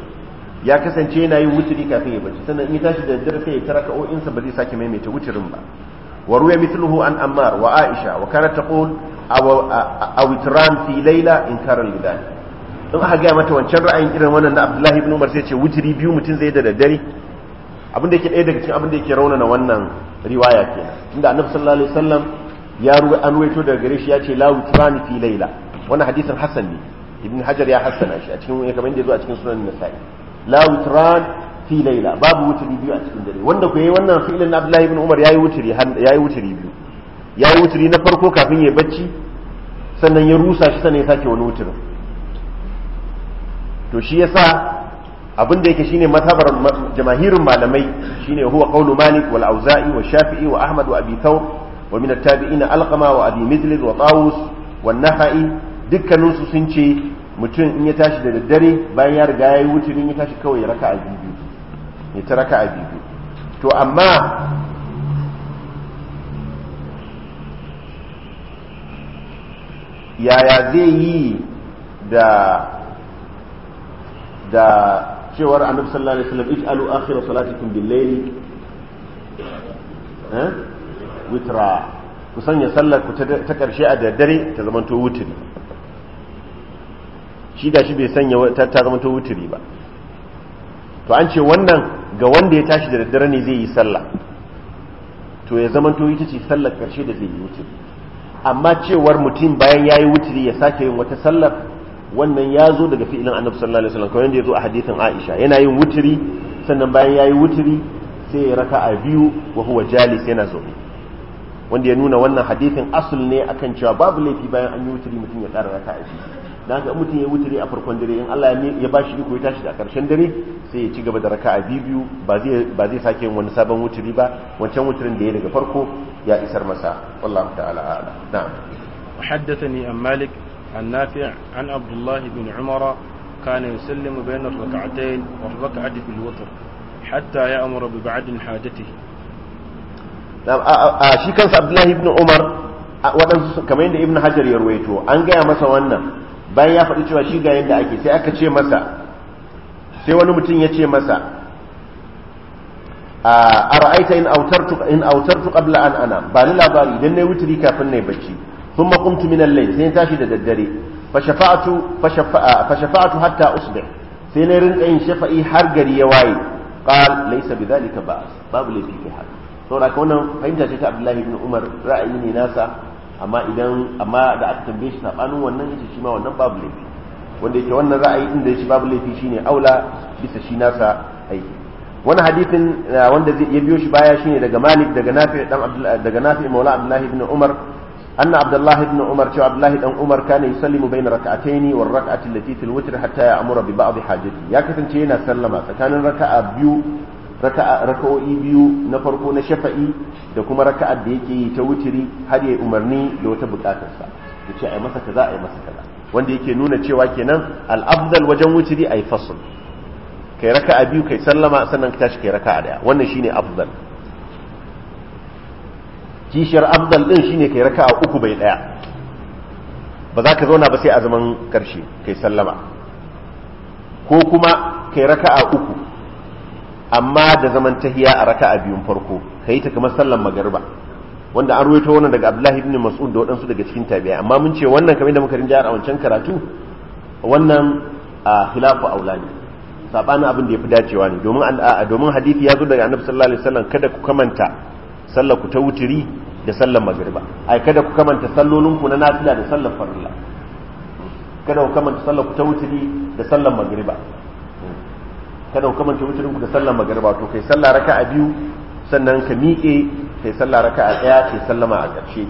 ya kasance yana yin witri kafin ya barci sannan in tashi da daddare sai ya tara insa ba zai sake maimaita witrin ba wa ruwa mithluhu an Ammar wa Aisha wa kana taqul a witran fi laila in karar lidan in aka gaya mata wancan ra'ayin irin wannan na abdullahi ibn umar sai ce wutiri biyu mutum zai da daddare abin da yake ɗaya daga cikin abin da yake raunana wannan riwaya ke inda annabi sallallahu alaihi wasallam ya ruwa an waito daga gare shi ya ce la witran fi laila wannan hadisin hasan ne ibn hajar ya hassana shi a cikin kamar da zo a cikin sunan nasa'i la witran fi laila babu wutiri biyu a cikin dare wanda ku yayi wannan fi'ilin abdullahi ibn umar yayi wutiri yayi wutiri biyu ya yi wuturi na farko kafin ya bacci sannan ya rusa shi sannan ya sake wani wuturin to shi yasa abin da yake shine matabar jamahirin malamai shine huwa qawlu malik wal auza'i wa shafi'i wa ahmad wa abi thawr wa min at-tabi'in alqama wa abi mizlid wa tawus wa nahai dukkanin su sun ce mutum in ya tashi da daddare bayan ya riga ya yayi in ya tashi kawai raka'a biyu ya ta raka'a biyu to amma yaya zai yi da da cewar annabi sallallahu alaihi wasallam ij'alu akhir salatikum bil layl eh witra ku sanya sallar ku ta karshe a daddare ta to wutiri shi da shi bai sanya ta ta to wutiri ba to an ce wannan ga wanda ya tashi da daddare ne zai yi sallah to ya yi ta ce sallar karshe da zai yi wutiri amma cewar mutum bayan ya yi wuturi ya sake yin wata sallar wannan ya zo daga fi'ilin annabi sallallahu alaihi wasallam kamar yadda ya zo a hadithin aisha yana yin wuturi sannan bayan ya yi wuturi sai ya raka a biyu wa huwa jalis yana zaune wanda ya nuna wannan hadithin asul ne akan cewa babu laifi bayan an yi wuturi mutum ya ƙara raka a biyu dan haka mutum ya wuturi a farkon dare in Allah ya bashi iko ya tashi da karshen dare sai ya ci gaba da raka'a biyu biyu ba zai ba zai sake yin wani sabon wuturi ba wancan wuturin da ya daga farko ya isar masa wallahu ta'ala a'lam na'am وحدثني عن an عن bin عن عبد الله بن عمر wa يسلم بين الركعتين والركعة في الوتر حتى يأمر ببعد na'am a shi kansa abdullah ibn Umar waɗansu kamar yadda Ibn Hajar ya ruwaito an gaya masa wannan bayan ya faɗi cewa shi ga yadda ake sai aka ce masa sai wani mutum ya ce masa a ra'aita in autartu in autartu qabla an anam ba ni labari idan nayi witri kafin yi bacci thumma qumtu min al-layl sai tashi da daddare fa shafa'atu fa shafa'atu hatta usbih sai na rinka yin shafa'i har gari ya waye qal laysa bidhalika ba, babu laifi kai haka saboda ka wannan fahimta ce ta Abdullahi ibn Umar ra'ayi ne nasa amma idan amma da aka tambaye shi sabanin wannan yace shi ma wannan babu laifi wanda yake wannan ra'ayi din da yace babu laifi shine aula bisa shi nasa aiki wani hadithin eh, wanda zai ya biyo shi baya shine daga Malik daga Nafi dan daga Nafi Maula Abdullah ibn Umar anna Abdullah ibn Umar cewa Abdullah dan Umar kana yusallimu bayna rak'atayn wa rak'ati allati fil witr hatta ya'mura bi ba'd hajati ya kasance yana sallama tsakanin raka'a biyu raka'o'i biyu na farko na shafa'i da kuma raka'ar da yake yi ta wutiri har ya umarni da wata bukatarsa ya ce ai masa kaza ai masa kaza wanda yake nuna cewa kenan al-afdal wajen wutiri ai fasl kai raka'a biyu kai sallama sannan ka tashi kai raka'a daya wannan shine afdal kishiyar afdal din shine kai raka'a uku bai daya ba za ka zauna ba sai a zaman karshe kai sallama ko kuma kai raka'a uku amma da zaman tahiya a raka'a biyun farko kai ta kamar sallan magariba wanda an ruwaito wannan daga Abdullahi ibn Mas'ud da waɗansu daga cikin tabi'a amma mun ce wannan kamar da muka rinja a wancan karatu wannan a khilafu aulani sabana abin da yafi dacewa ne domin domin hadisi ya zo daga Annabi sallallahu alaihi wasallam kada ku kamanta sallar ku ta wutiri da sallar magriba ai kada ku kamanta sallolin ku na nafila da sallar farilla kada ku kamanta sallar ku ta wutiri da sallar magriba kada ku manta wutirin ku da sallar magariba to kai sallah raka'a biyu sannan ka miƙe kai sallah raka'a ɗaya kai sallama a ƙarshe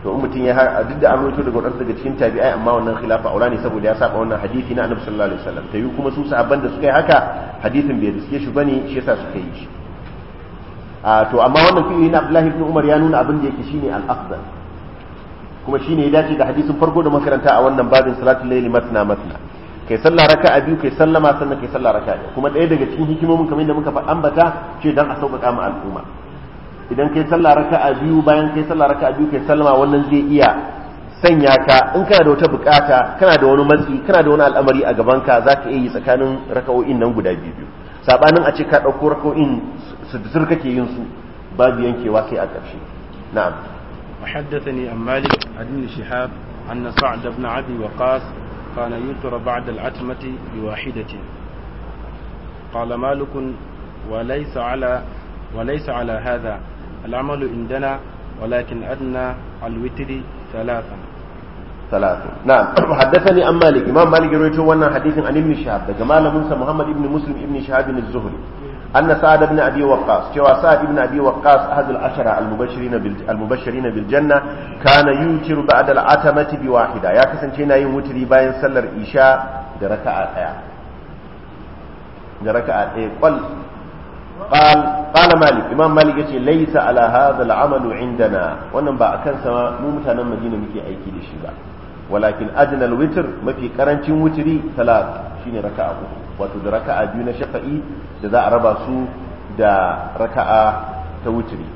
to in mutum ya har duk da an rawaito daga wadansu daga cikin tabi'ai amma wannan khilafa aula ne saboda ya saba wannan hadisi na annabi sallallahu alaihi wasallam tayi kuma su sahabban da suka yi haka hadisin bai riske shi bane shi yasa suka yi shi a to amma wannan fi'ili na Abdullahi ibn Umar ya nuna abin da yake shine al-afdal kuma shine ya dace da hadisin farko da makaranta a wannan babin salatul layli matna matna kai sallah raka'a biyu kai sallama sannan kai sallah raka'a ɗaya kuma ɗaya daga cikin hikimomin kamar da muka ambata ce dan a sauƙaƙa ma al'umma idan kai sallah raka'a biyu bayan kai sallah raka'a biyu kai sallama wannan zai iya sanya ka in kana da wata bukata kana da wani matsi kana da wani al'amari a gaban ka zaka iya yi tsakanin raka'o'in nan guda biyu sabanin a ce ka ɗauko raka'o'in su da kake yin su babu yankewa sai a ƙarshe na'am وحدثني عن مالك عن ابن شهاب أن سعد بن عدي وقاص كان يذكر بعد العتمة بواحدة قال مالك وليس على وليس على هذا العمل عندنا ولكن أدنى الوتر ثلاثا ثلاثا نعم حدثني عن مالك إمام مالك رويته وانا حديث عن ابن شهاب كما جمال موسى محمد ابن مسلم ابن شهاب الزهري أن سعد بن أبي وقاص جوا سعد بن أبي وقاص أحد العشرة المبشرين المبشرين بالجنة كان يوتر بعد العتمة بواحدة يا كسن شينا يوتري باين سلر إشاء دركعة أيا دركعة أي قل قال قال مالك إمام مالك ليس على هذا العمل عندنا wannan ba akan sama mu mutanen Madina muke aiki da shi ba walakin adnal witr mafi karancin wutri talat shine raka'a uku wato da raka'a biyu na shafa'i da za a raba su da raka'a ta wutiri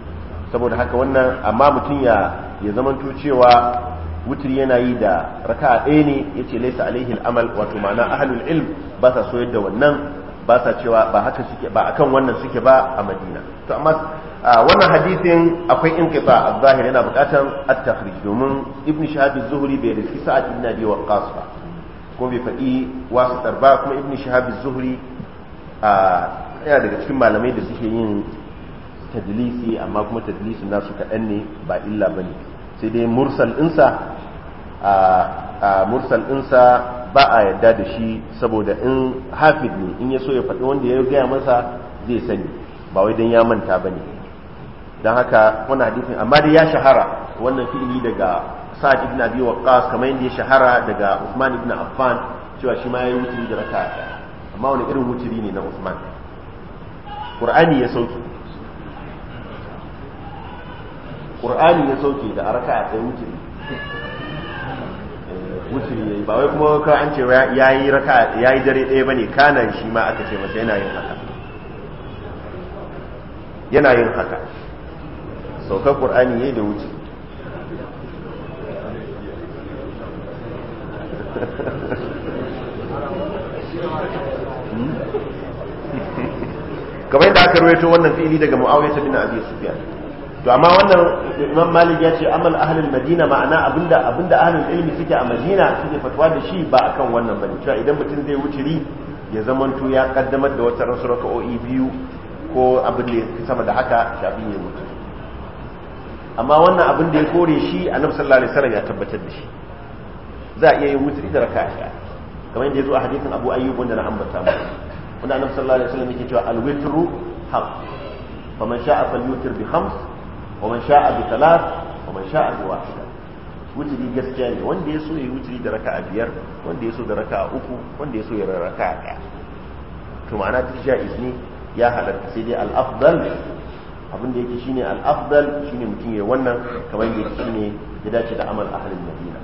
saboda haka wannan amma mutum ya ya zamanto cewa wutiri yana yi da raka'a ɗaya ne ya ce laisa alaihi amal wato ma'ana ahlul ilm ba sa so yadda wannan ba sa cewa ba haka suke ba akan wannan suke ba a Madina to amma wannan hadisin akwai inqita a zahiri yana buƙatar at-takhrij domin ibn shahab az-zuhri bai riski sa'ad ibn abi waqqas ba ko bai faɗi wasitar ba kuma ibn shihab zuhri a yana daga cikin malamai da suke yin tadlisi amma kuma tadlisin nasu kaɗan ne ba illa bane sai dai mursal insa a mursal ɗinsa ba a yadda da shi saboda in hafid ne in ya so ya faɗi wanda ya gaya masa zai sani ba wai don ya manta ba ne don haka wani hadithin amma dai ya shahara wannan fi'ili daga sa'ad ibn abi waqqas kamar yadda ya shahara daga usman ibn affan cewa shi ma yayi wuturi da raka'a daya amma wani irin wuturi ne na usman qur'ani ya sauke qur'ani ya sauke da raka'a ɗaya wuturi eh, wuturi yayi ba wai kuma ka an ce yayi raka'a yayi dare ɗaya bane kana shi ma aka ce masa yana yin haka yana yin haka saukar qur'ani yayi da wuturi Hmm? kamar yadda aka rawaito wannan fili daga muawiya bin abi sufyan to amma wannan imam malik ya ce amal ahlul madina ma'ana abinda abinda ahlul ilmi suke a madina suke fatwa da shi ba akan wannan bane cewa idan mutum zai wuce ri ya zamanto ya kaddamar da wata rasu raka'o'i biyu ko abin da ya sama da haka shafin ya mutu amma wannan abin da ya kore shi annabi sallallahu alaihi wasallam ya tabbatar da shi za a iya yin wutri da raka'a ɗaya kamar yadda ya zo a hadisin abu ayyub wanda na ambata mu wanda annabi sallallahu alaihi wasallam yake cewa al-witru haq man sha'a falyutir bi khams wa man sha'a bi thalath wa man sha'a bi wahida wutri gaskiya ne wanda ya so ya yi wutri da raka'a biyar wanda ya so da raka'a uku wanda ya so ya raka'a ɗaya to ma'ana duk ja'iz ne ya halatta sai dai al-afdal abin da yake shine al-afdal shine mutum ya wannan kamar yadda shine ya dace da amal ahlul madina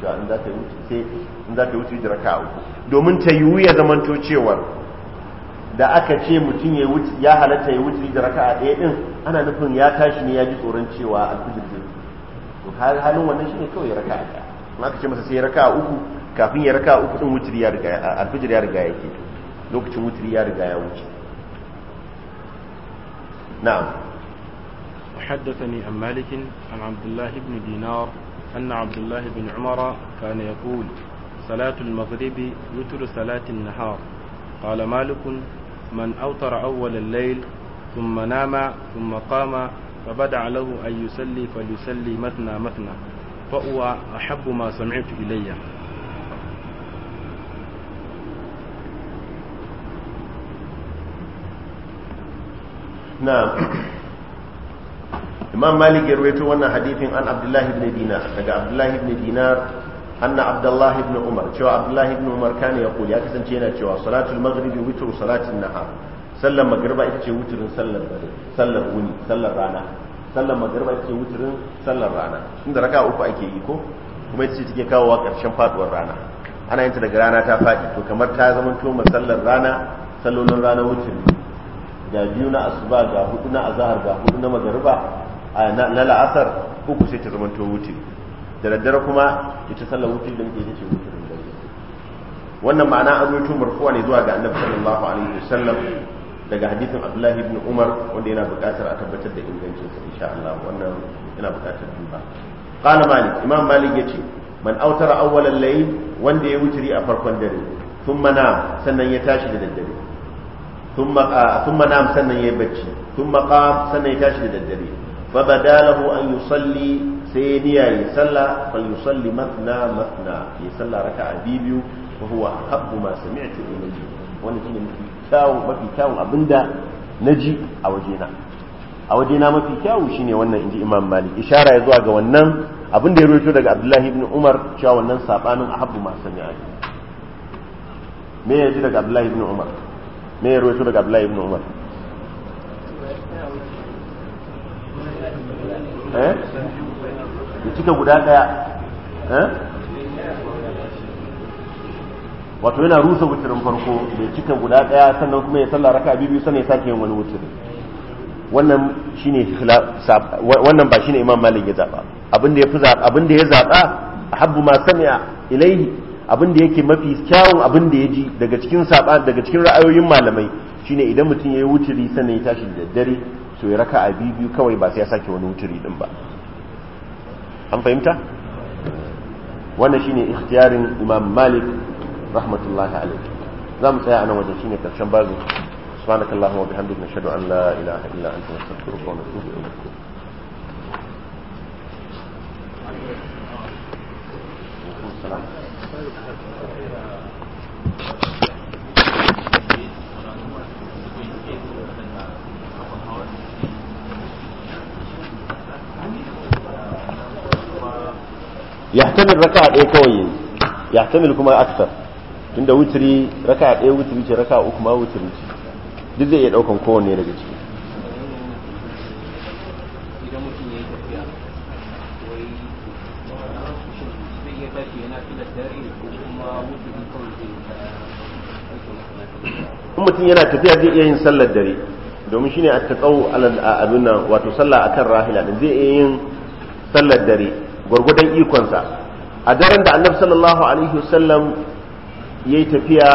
cewa in za ta wuce sai in za ta wuce da raka uku domin ta yiwu ya zamanto cewar da aka ce mutum ya wuce ya halatta ya wuce da a ɗaya din ana nufin ya tashi ne ya ji tsoron cewa alfijir zai to har halin wannan shine kawai ya a ɗaya in aka ce masa sai ya a uku kafin ya a uku din wuce ya riga alfijir ya riga lokacin wuce ya riga ya wuce na'am وحدثني عن مالك عن عبد الله بن دينار أن عبد الله بن عمر كان يقول صلاة المغرب وتر صلاة النهار قال مالك من أوتر أول الليل ثم نام ثم قام فبدع له أن يسلي فليسلي مثنى مثنى فهو أحب ما سمعت إلي نعم imam malik ya rawaito wannan hadithin an abdullahi ibn dinar daga abdullahi ibn dinar anna abdullahi ibn umar cewa abdullahi ibn umar kana ya ya kasance yana cewa salatul maghrib witru salatin nahar sallar magriba ita ce witrin sallar dare sallar wuni sallar rana sallar magriba ita ce witrin sallar rana inda raka uku ake yi ko kuma ita ce take kawowa karshen faduwar rana ana yin ta daga rana ta faɗi to kamar ta zama to sallar rana sallolin rana witri ga biyu na asuba ga hudu na azahar ga hudu na magariba na la'asar uku sai ta zamanto wuce da daddare kuma ita sallar wuce da muke ce wuce da dare wannan ma'ana an rubuto marfuwa ne zuwa ga annabi sallallahu alaihi wasallam daga hadisin abdullahi ibn umar wanda yana buƙatar a tabbatar da ingancin sa insha Allah wannan yana buƙatar duba qala malik imam malik yace man autara awwalal layl wanda ya wuturi a farkon dare thumma na sannan ya tashi da daddare thumma thumma na sannan ya bacci thumma qam sannan ya tashi da daddare fa badalahu an yusalli sai niyya yi sallah fa yusalli matna matna ya sallah raka'a biyu fa huwa habbu ma sami'tu ilayhi wannan shine mafi kyawun mafi kyawun abinda naji a wajena a wajena mafi kyawu shine wannan inji imam malik ishara ya zuwa ga wannan abin da ya rubuto daga abdullahi ibn umar cewa wannan sabanin ahabbu ma sami'tu me ya ji daga abdullahi ibn umar Eh? ya cika guda daya eh? wato yana rusa wuturin farko da cika guda daya sannan kuma ya sallah raka biyu sannan ya sake yin wani wutiri wannan shine wannan ba shine imam malik ya zaba Abinda ya fi zaba abinda da ya zaba habbu ma sami'a ilaihi abinda da yake mafi kyawun abinda ya ji daga cikin saba daga cikin ra'ayoyin malamai shine idan mutum ya yi wuturi sannan ya tashi da daddare so ya raka a biyu kawai ba sai ya sake wani wuturi din ba an fahimta wannan shine ikhtiyarin imam malik rahmatullahi alaihi za mu tsaya a nan wajen shine karshen bazu سبحانك اللهم وبحمدك نشهد أن لا إله إلا أنت نستغفرك ونتوب إليك السلام yahtamil raka ɗaya kawai yayi yahtamil kuma akthar tunda witri raka ɗaya witri ce raka uku ma witri ce duk zai iya daukan kowanne daga ciki in mutum yana tafiya zai iya yin sallar dare domin shine at-taqaw ala abin nan wato sallah akan rahila din zai iya yin sallar dare gwargwadon ikonsa a daren da annabi sallallahu alaihi wasallam yayi tafiya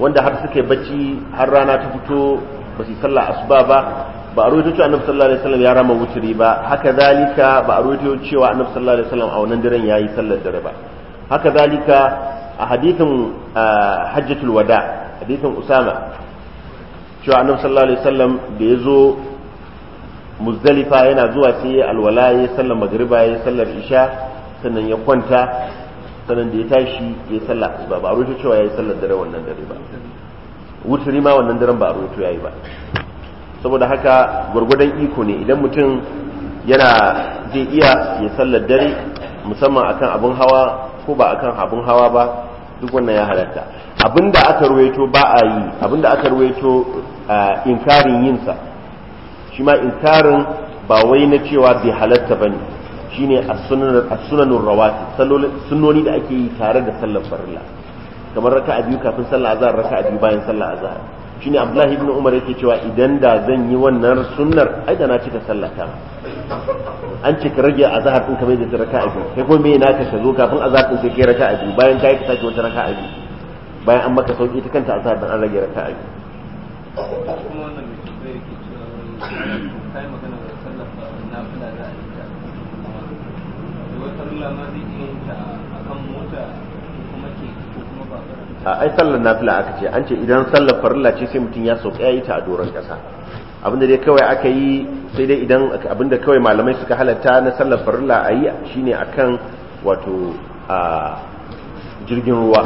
wanda har suka yi bacci har rana ta fito ba su sallah asuba ba ba a rawaito cewa annabi sallallahu alaihi wasallam ya rama wuturi ba haka zalika ba a rawaito cewa annabi sallallahu alaihi wasallam a wannan daren yayi sallar dare ba haka zalika a hadithin hajjatul wada hadithin usama cewa annabi sallallahu alaihi wasallam da ya zo muzdalifa yana zuwa sai ya alwala ya sallar magriba ya sallar isha sannan ya kwanta sannan da ya tashi ya sallar asuba ba a cewa ya yi sallar dare wannan dare ba wuturi ma wannan daren ba a rubuta ya yi ba saboda haka gwargwadon iko ne idan mutum yana zai iya ya sallar dare musamman akan abin hawa ko ba akan abin hawa ba duk wannan ya halatta abinda aka ruwaito ba a yi abinda aka ruwaito eh, inkarin yinsa shi ma inkarin ba wai na cewa bai halatta bane shine as-sunanur rawatib sunnoni da ake yi tare da sallar farilla kamar a biyu kafin sallar azhar a biyu bayan sallar azhar shine Abdullahi ibn Umar yake cewa idan da zan yi wannan sunnar ai da na cika sallata an cika rage azhar din kamar da a biyu kai ko me na ka zo kafin azhar din sai kai a biyu bayan kai ka sake wata raka a biyu bayan an maka sauki ta kanta azhar din an rage a biyu a ai sallar nafila aka ce an ce idan sallar farilla ce sai mutum ya sauka yi ta a doron kasa abinda dai kawai aka yi sai dai idan abinda kawai malamai suka halatta na sallar farilla a yi shine kan wato a jirgin ruwa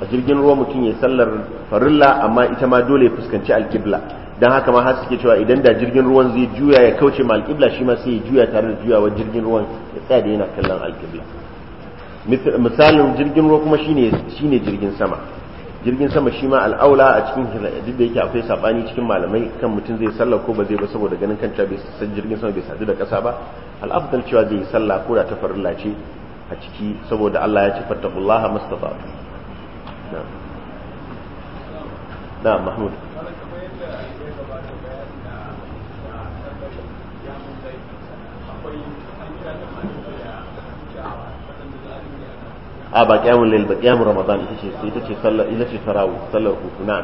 a jirgin ruwa mutum ya sallar farilla amma ita ma dole ya fuskanci alkibla don haka ma har suke cewa idan da jirgin ruwan zai juya ya kauce ma alƙibla shi ma sai ya juya tare da juyawa jirgin ruwan ya tsaya yana kallon alƙibla misalin jirgin ruwa kuma shine jirgin sama jirgin sama shi ma al'aula a cikin duk da yake akwai sabani cikin malamai kan mutum zai sallah ko ba zai ba saboda ganin kanta bai san jirgin sama bai sadu da ƙasa ba al'afdal cewa zai yi sallah ko da ta farilla ce a ciki saboda Allah ya ce fattaqullaha mastata'tu mahmud a ba qiyamul lil ba qiyamul ramadan ita ce ita ce sallar ita ce tarawih sallar hutu na'am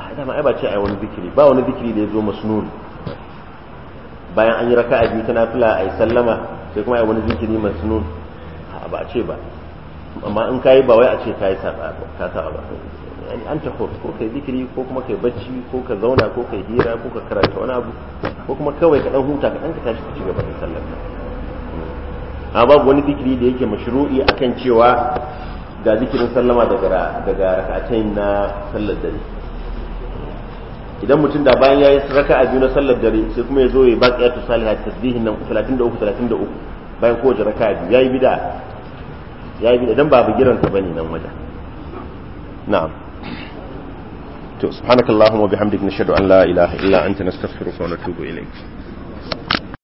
ah, dama ai ba ce ai wani zikiri ba wani zikiri da ya zo masnun bayan an yi raka'a biyu ta nafila ai sallama sai kuma ai wani zikiri masnun ah, ba a ce ba amma in kai ba wai a ce ba ka saba ba an ta ko kai zikiri ko kuma kai bacci ko ka zauna ko kai hira ko ka karanta wani abu ko kuma kawai ka dan huta ka dan ka tashi ka ci gaba da sallar ka amma babu wani zikiri da yake mashru'i akan cewa ga zikirin sallama daga daga rak'atayn na sallar dare idan mutum da bayan yayi raka'a biyu na sallar dare sai kuma ya zo ya baqiyatu salihat tasbihin nan 33 33 bayan kowace raka'a biyu yayi bid'a yayi bid'a dan ba bigiran sa bane nan wajen na'am to subhanakallahumma bihamdika nashhadu an la ilaha illa anta nastaghfiruka wa natubu ilayk